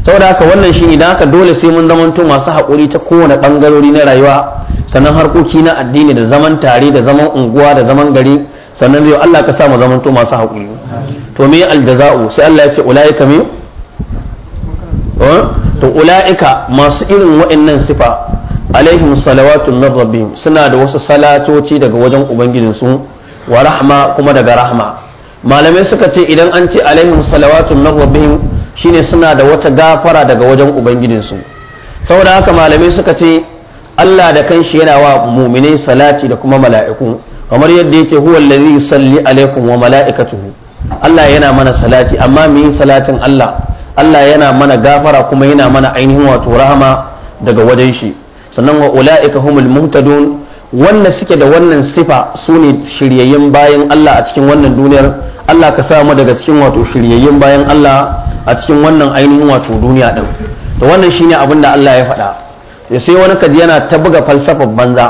saboda haka wannan shi idan aka dole sai mun zamanto masu haƙuri ta kowane ɓangarori na rayuwa sannan harkoki na addini da zaman tare da zaman unguwa da zaman gari sannan zai Allah ka sa mu to masu haƙuri to me aljaza'u sai Allah ya ce ulaika me eh? to ulaika masu irin waɗannan sifa alaihim salawatu min rabbihim suna da wasu salatoci daga wajen ubangijin su wa rahma kuma daga rahma malamai suka ce idan an ce alaihim salawatu min rabbihim shine suna da wata gafara daga wajen ubangijinsu su saboda haka malamai suka ce Allah da kanshi yana wa mu'minai salati da kuma mala'iku kamar yadda yake huwa allazi yusalli alaikum wa mala'ikatuhu Allah yana mana salati amma mu yi salatin Allah Allah yana mana gafara kuma yana mana ainihin wato rahama daga wajen shi sannan wa ula'ika humul muhtadun wanda suke da wannan sifa su ne shiryayyen bayan Allah a cikin wannan duniyar Allah ka samu daga cikin wato shiryayyen bayan Allah a cikin wannan ainihin wato duniya din to wannan shine abin da Allah ya faɗa to sai wani kaji yana ta buga falsafar banza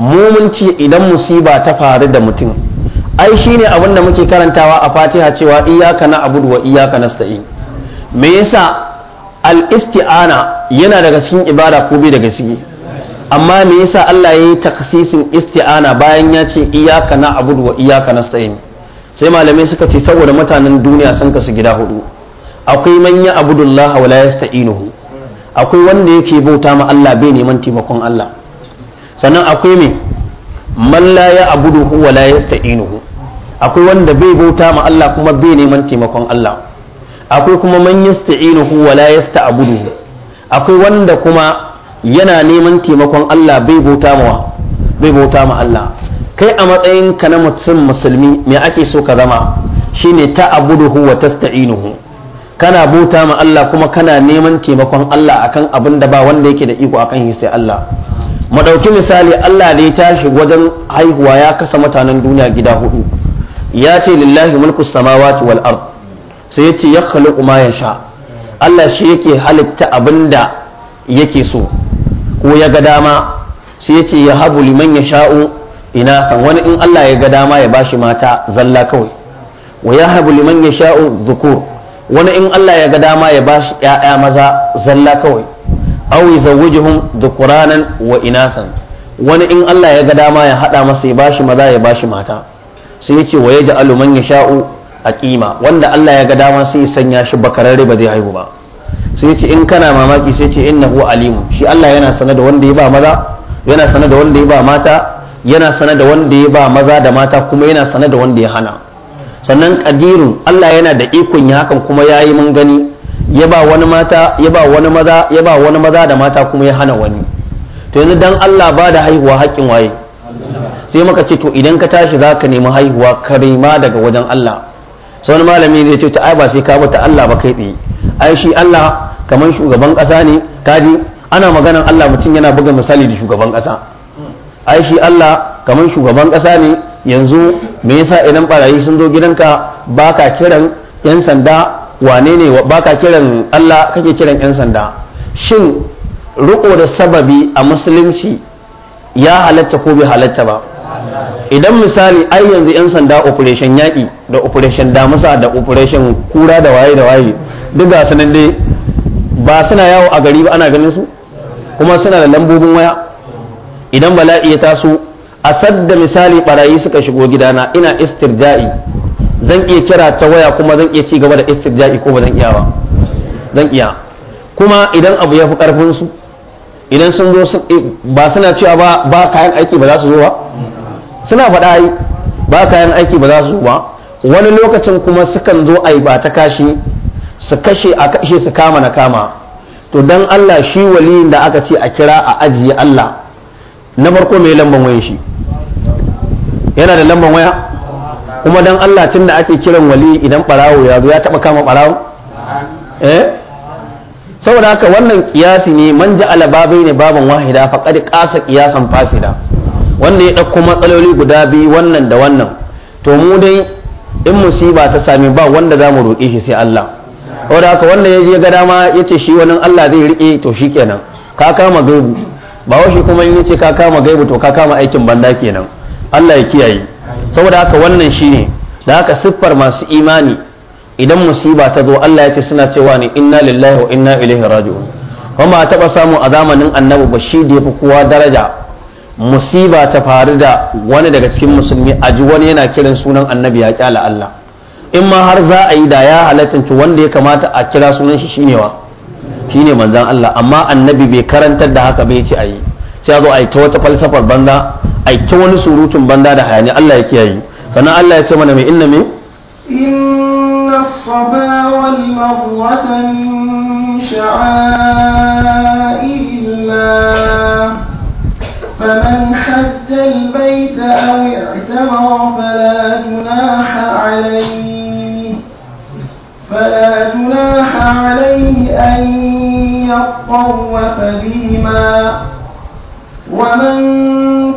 mu mun idan musiba ta faru da mutum ai shine abin da muke karantawa a Fatiha cewa iyyaka na'budu wa iyyaka nasta'in me yasa al-isti'ana yana daga cikin ibada ko bai daga ciki amma me yasa Allah ya yi takhsisin isti'ana bayan ya ce iyyaka na'budu wa iyyaka nasta'in sai malamai suka ce saboda mutanen duniya sun kasu gida hudu akwai man ya abudullah wa la yasta'inuhu akwai wanda yake bauta ma Allah bai neman taimakon Allah sannan akwai me man la ya abudu wa la yasta'inuhu akwai wanda bai bauta ma Allah kuma bai neman taimakon Allah akwai kuma man yasta'inu wa wala yasta'buduhu akwai wanda kuma yana neman taimakon Allah bai bauta mawa bai bauta ma Allah kai a matsayin ka na mutum musulmi me ake so ka zama shine ta'buduhu wa tasta'inuhu kana bauta ma Allah kuma kana neman taimakon Allah akan abin da ba wanda yake da iko akan shi sai Allah mu ɗauki misali Allah da ya tashi wajen haihuwa ya kasa mutanen duniya gida hudu ya ce lillahi mulku samawati wal ard sai yace ya khaliqu ya sha. Allah shi yake halitta abinda yake so ko ya ga dama sai yace ya habu liman yasha'u ina kan wani in Allah ya ga dama ya bashi mata zalla kawai wa ya habu liman yasha'u dhukur wani in Allah ya ga dama ya bashi ƴaƴa maza zalla kawai aw yuzawwijuhum dhukuranan wa inasan wani in Allah ya ga dama ya hada masa ya bashi maza ya bashi mata sai yace wa yaj'alu man yasha'u a kima wanda Allah ya ga dama sai sanya shi bakararre ba zai haihu ba sai ce in kana mamaki sai ce innahu alimu shi Allah yana sanar da wanda ya ba maza yana sanar da wanda ya ba mata yana sanar da wanda ya ba maza da mata kuma yana sanar da wanda ya hana sannan kadiru Allah yana da ikon ya hakan kuma yayi yi mun gani ya ba wani mata ya ba wani maza ya ba wani maza da mata kuma ya hana wani to yanzu dan Allah ba da haihuwa haƙƙin waye sai muka ce to idan ka tashi za ka nemi haihuwa karima daga wajen Allah Sau wani malami zai ce ta ai ba sai ka ta Allah ba kai tsaye ai shi Allah kamar shugaban ƙasa ne kaji ana maganar Allah mutum yana buga misali da shugaban ƙasa. ai shi Allah kamar shugaban ƙasa ne yanzu me yasa idan barayi sun zo gidanka baka kiran yan sanda wane ne baka kiran Allah kake kiran yan sanda shin riko da sababi a musulunci ya halatta ko bai halatta ba idan misali ai yanzu yan sanda operation yaƙi da operation damusa da operation kura da waye da waye duk ga nan dai ba suna yawo a gari ba ana ganin su kuma suna da lambobin waya idan bala'i ya taso a sadda misali barayi suka shigo gidana ina istirja'i zan iya kira ta waya kuma zan iya ci gaba da istirja'i ko ba zan iya ba zan iya kuma idan abu ya fi karfin su idan sun zo ba suna cewa ba kayan aiki ba za su zo ba suna faɗa yi ba kayan aiki ba za su ba wani lokacin kuma sukan zo yi ba ta kashi su kashe a kashe su kama na kama to dan Allah shi waliyin da aka ce a kira a ajiye Allah na farko mai lamban wayan shi yana da lamban waya kuma dan Allah tun da ake kiran wali idan barawo ya zo ya taba kama barawo eh? saboda haka wannan kiyasi ne man ja'ala babai ne baban wahida faqad qasa qiyasan fasida Wanda ya ɗauko matsaloli guda biyu wannan da wannan to mu dai in musiba ta sami ba wanda za mu roƙe shi sai Allah wadda haka wanda ya je ga dama ya ce shi wani Allah zai riƙe to shi kenan ka kama gaibu ba washi kuma in ce ka kama gaibu to ka kama aikin banda kenan Allah ya kiyaye saboda haka wannan shi ne da haka siffar masu imani idan musiba ta zo Allah ya ce suna cewa ne inna lillahi wa inna ilaihi raji'un kuma a taba samu a zamanin annabi ba shi da ya fi kowa daraja musiba ta faru da wani daga cikin musulmi a ji wani yana kiran sunan annabi ya kyala Allah in ma har za a yi da ya halatta wanda ya kamata a kira sunan shi shine wa shine manzon Allah amma annabi bai karantar da haka bai ce a yi sai zo a yi ta wata falsafar banza a wani surutun banza da hayani Allah ya kiyaye sannan Allah ya ce mana mai inna me inna saba wal marwatan sha'a'illah فمن حج البيت أو اعتمر فلا جناح عليه فلا جناح عليه أن يطوف بهما ومن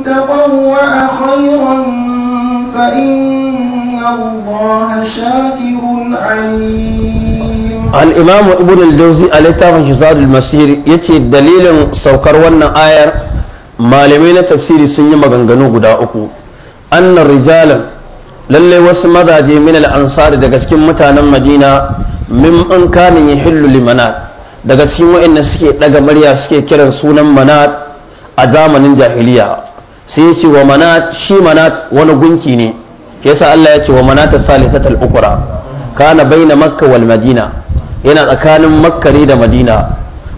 تطوع خيرا فإن الله شاكر عليم الإمام ابن الجوزي عليه تاغ جزار المسير يتي دليل سوكر ونن آير malamai na tafsiri sun yi maganganu guda uku Annan rijalan lallai wasu mazaje min al-ansari daga cikin mutanen madina min an kanin yahillu limanat daga cikin wa'anda suke ɗaga murya suke kiran sunan manat a zamanin jahiliya sai ce wa manat shi manat wani gunki ne sa Allah ya ce wa manat ta ukra kana baina makka wal madina yana tsakanin makka da madina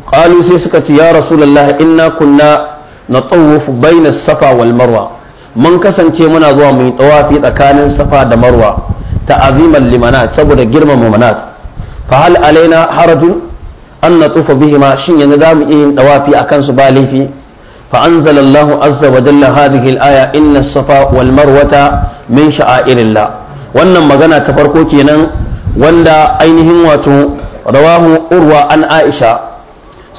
qalu sai suka ce ya rasulullahi inna kunna na bai baina safa wal marwa mun kasance muna zuwa mu yi tawafi tsakanin safa da marwa ta aziman limanat saboda girmama manat fa hal alaina harajun an natufa bihima shin yanzu za mu iya yin tawafi akan su ba laifi fa anzalallahu azza wa jalla hadhihi al-aya inna safa wal marwata min sha'airillah wannan magana ta farko kenan wanda ainihin wato rawahu urwa an aisha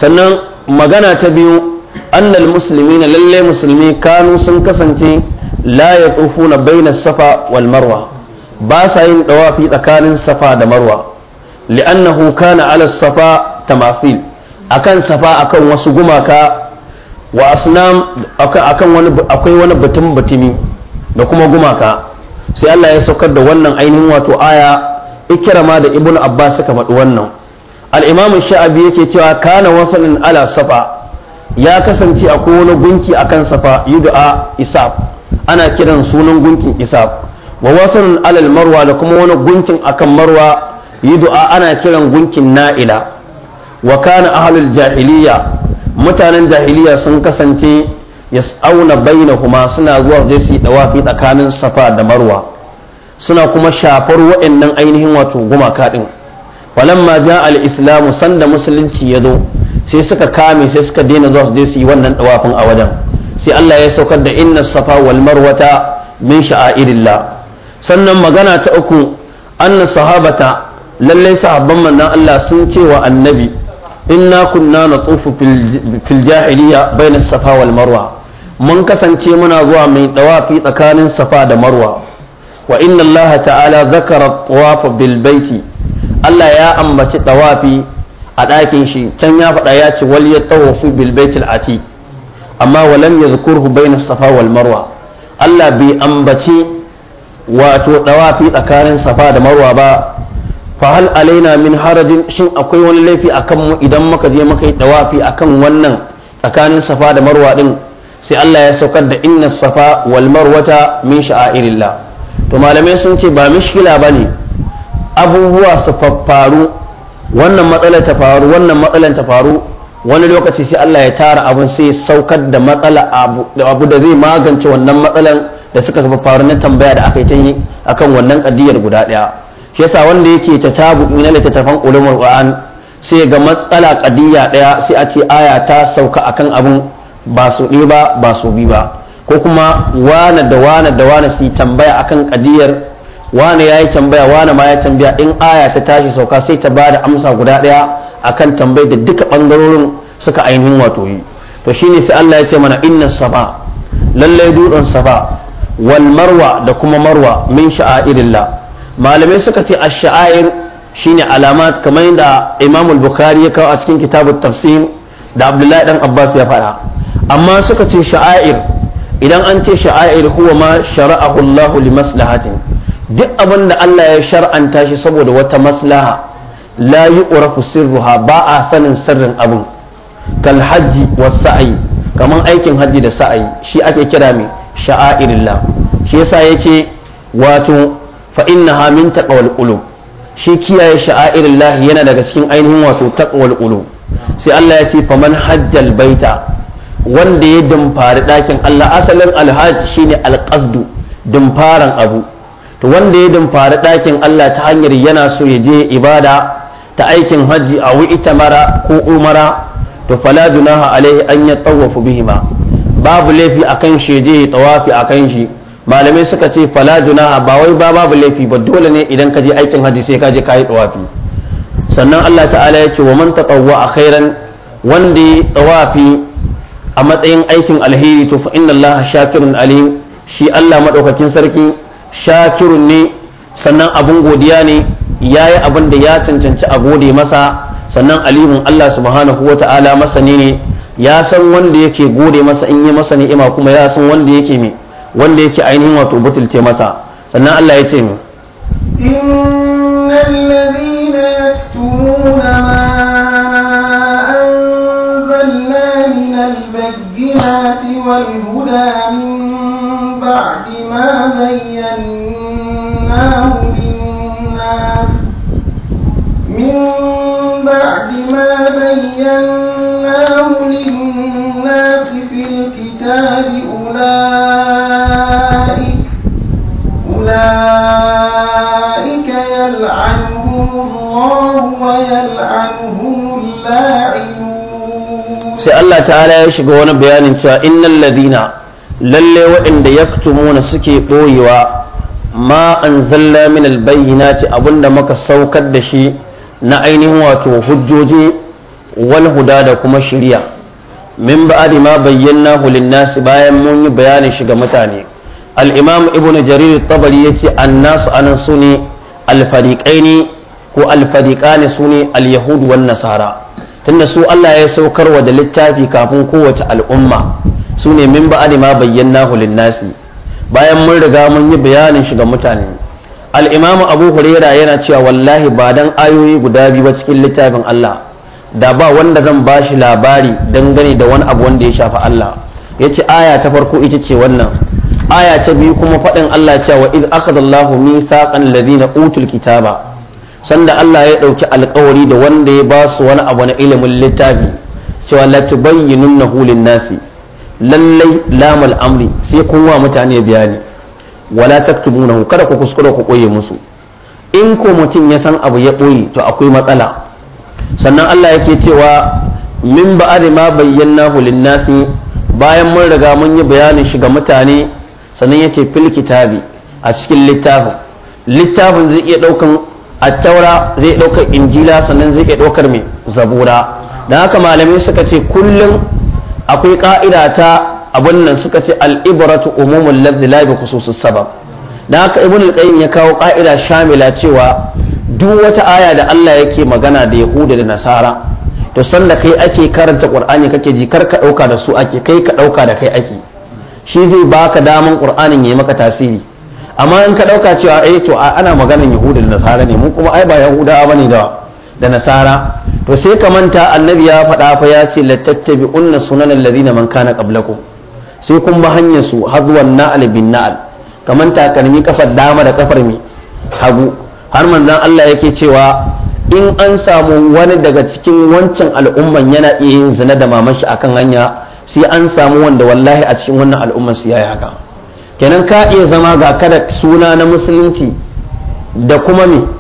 sannan magana ta biyu annal musulmi na lallai musulmi kanu sun kasance la ya na baina safa walmarwa. marwa ba sa yin dawafi tsakanin safa da marwa li'annahu kana alasafa safa tamafil akan safa akan wasu gumaka wa wani akwai wani batun batumi da kuma gumaka sai Allah ya saukar da wannan ainihin wato aya Ikirama da ibnu abbas suka faɗi wannan al-imam sha'abi yake cewa kana wasalin ala safa ya kasance akwai wani gunki a kan safa du'a isaf ana kiran sunan gunkin isaf wa wasan alal marwa da kuma wani gunkin akan marwa yi du'a ana kiran gunkin na'ila wa kana ahlul jahiliya mutanen jahiliya sun kasance yas'auna bainahuma suna zuwa zai su yi fi tsakanin safa da marwa suna kuma shafar waɗannan ainihin wato gumaka din walamma ja al-islamu sanda musulunci ya zo sai suka kame sai suka daina zuwa su je su yi wannan dawafin a wajen sai Allah ya saukar da inna safa wal sha'a min sha'airillah sannan magana ta uku anna sahabata lallai sahabban manzon Allah sun ce wa annabi inna kunna natufu fil jahiliya bayna safa wal marwa mun kasance muna zuwa mai dawafi tsakanin safa da marwa wa inna Allah ta'ala zakara tawafa bil baiti Allah ya ambaci tawafi a ɗakin shi can ya faɗa ya ce wal ya tawafu bil baitil ati amma walam yadhkurhu bayna safa wal marwa Allah bai ambaci wato dawafi tsakanin safa da marwa ba fa hal alaina min harajin shin akwai wani laifi akan mu idan muka je muka yi dawafi akan wannan tsakanin safa da marwa din sai Allah ya saukar da inna safa wal marwata min sha'airillah to malamai sun ce ba mishkila bane abubuwa su faffaru wannan matsalar ta faru wannan matsalar ta faru wani lokaci sai Allah ya tara abun sai saukar da matsala abu da zai magance wannan matsalar da suka faru na tambaya da aka yi ta yi akan wannan kadiyar guda daya shi yasa wanda yake ta tabu na littattafan ulumul qur'an sai ga matsala kadiyya daya sai a ce aya ta sauka akan abun ba su ɗi ba ba su bi ba ko kuma wane da wane da wane su tambaya akan kadiyar wane ya yi tambaya wane ma ya tambaya in aya ta tashi sauka sai ta bada amsa guda ɗaya akan tambayar da duka bangarorin suka ainihin wato yi to shine sai Allah ya ce mana inna safa lallai dutsen safa wal marwa da kuma marwa min sha'airillah malamai suka ce ash-sha'air shine alamat kamar yadda Imam al-Bukhari ya kawo a cikin kitabut tafsir da Abdullahi dan Abbas ya faɗa amma suka ce sha'air idan an ce sha'air huwa ma shara'ahu Allah li maslahatin duk abin da Allah ya shar'anta shi saboda wata maslaha la yu'rafu sirruha ba a sanin sirrin abin kal hajji was kaman aikin hajji da sa'ayi shi ake kira mai sha'airillah shi yasa yake wato fa ha min taqwal qulub shi kiyaye sha'airillah yana daga cikin ainihin wato taqwal qulub sai Allah ya ce faman hajjal baita wanda ya dumfari dakin Allah asalin alhaji shine alqasdu dumfaran abu to wanda ya dumfari ɗakin Allah ta hanyar yana so ya je ibada ta aikin hajji a ita mara ko umara to fala junaha alaihi an ya tawafu bihima babu laifi akan shi je ya tawafi akan shi malamai suka ce fala junaha ba wai ba babu laifi ba dole ne idan ka je aikin hajji sai ka je ka yi tawafi sannan Allah ta'ala ya ce wa man tatawwa khairan wanda ya tawafi a matsayin aikin alheri to fa inna Allah shakirun alim shi Allah madaukakin sarki shakirun ne sannan abin godiya ne ya yi abin da ya cancanci a gode masa sannan alimun Allah subhanahu wa ta'ala masani ne ya san wanda yake gode masa in yi masa ni'ima kuma ya san wanda yake me wanda yake ainihin wato butulce masa sannan Allah ya ce mu innal ladina yaktumuna ma للناس من بعد ما بيناه للناس في الكتاب أولئك أولئك الله سأل الله تعالى يشغل بيان إن الذين lalle waɗanda ya na suke ɓoyewa ma anzalna min albayyinati abinda muka saukar da shi na ainihin wato hujjoji wal huda da kuma shiriya min ba'di ma bayyana hulin nasi bayan mun yi bayanin shiga mutane al-imam ibnu jarir tabari yace annasu anan sune al-fariqaini ko al-fariqani sune al-yahud nasara tunda su Allah ya saukar wa da littafi kafin kowace al'umma sune min ba'di ma bayyana hulin nasi bayan mun riga mun yi bayanin shi ga mutane al'imamu abu huraira yana cewa wallahi ba dan ayoyi guda biyu ba cikin littafin allah da ba wanda zan ba shi labari dangane da wani abu wanda ya shafa allah ya ce aya ta farko ita ce wannan aya ta biyu kuma faɗin allah cewa iz allahu mithaqan alladhina utul kitaba sanda Allah ya ɗauki alƙawari da wanda ya ba su wani abu na ilimin littafi cewa la tubayyinunnahu lin-nasi lallai lamal amri sai kun wa mutane bayani wala taktubunahu kada ku kuskura ku koye musu in ko mutum ya san abu ya koyi to akwai matsala sannan Allah yake cewa min ba'ad ma bayyanahu lin-nasi bayan mun riga mun yi bayanin shi ga mutane sannan yake fil kitabi a cikin littafin littafin zai iya daukan attaura zai dauka injila sannan zai iya daukar mai zabura dan haka malamai suka ce kullum akwai ka'ida ta abun nan suka ce al'ibaratu umumul ladzi la bi sabab dan haka ibn qayyim ya kawo ka'ida shamila cewa duk wata aya da Allah yake magana da yahuda da nasara to sanda kai ake karanta qur'ani kake ji kar ka dauka da su ake kai ka dauka da kai ake shi zai baka daman qur'anin yayi maka tasiri amma in ka dauka cewa eh to ana maganan yahuda da nasara ne mu kuma ai ba yahuda bane da da nasara to sai ka manta annabi ya faɗa fa ya ce latattabi unna sunanan ladina man kana qablaku sai kun ba hanyar su hazwan na'al bin na'al ka manta karmi kafar dama da kafar mi hagu har manzon Allah yake cewa in an samu wani daga cikin wancan al'umman yana iya yin zina da maman shi akan hanya sai an samu wanda wallahi a cikin wannan al'umman su yayi haka kenan ka iya zama ga kada suna na musulunci da kuma me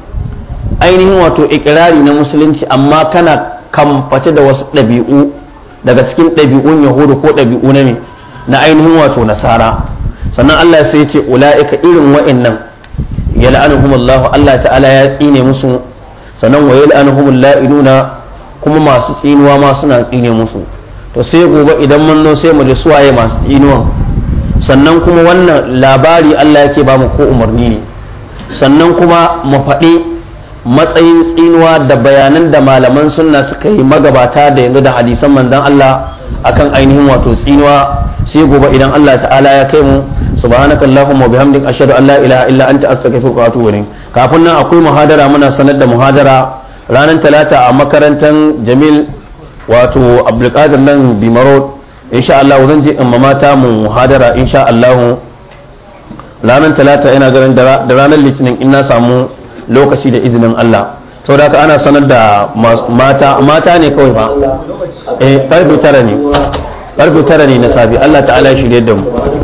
ainihin wato ikirari na musulunci amma kana kamface da wasu ɗabi'u daga cikin ɗabi'un yahudu ko ɗabi'u na ne na ainihin wato nasara sannan Allah sai ce ula'ika irin nan ya la'anuhum Allah Allah ta'ala ya tsine musu sannan wa yal'anuhum la'inuna kuma masu tsinuwa ma suna tsine musu to sai gobe idan mun sai mu ji suwaye masu tsinuwan sannan kuma wannan labari Allah yake ba mu ko umarni ne sannan kuma mu faɗi matsayin tsinuwa da bayanan da malaman sunna suka yi magabata da yanzu da hadisan manzan Allah akan ainihin wato tsinuwa sai gobe idan Allah ta'ala ya kai mu subhanakallahumma wa bihamdik ashhadu an la ilaha illa anta astaghfiruka wa atubu kafin nan akwai muhadara muna sanar da muhadara ranar talata a makarantar Jamil wato Abdulkadir nan Bimaro insha Allah zan je in mamata mu muhadara insha Allah ranar talata ina ganin da ranar litinin in na samu lokaci da izinin Allah sau da ana sanar da mata mata ne kawai ba eh karfe tara ne karfe tara ne na safi Allah ta'ala shirye da mu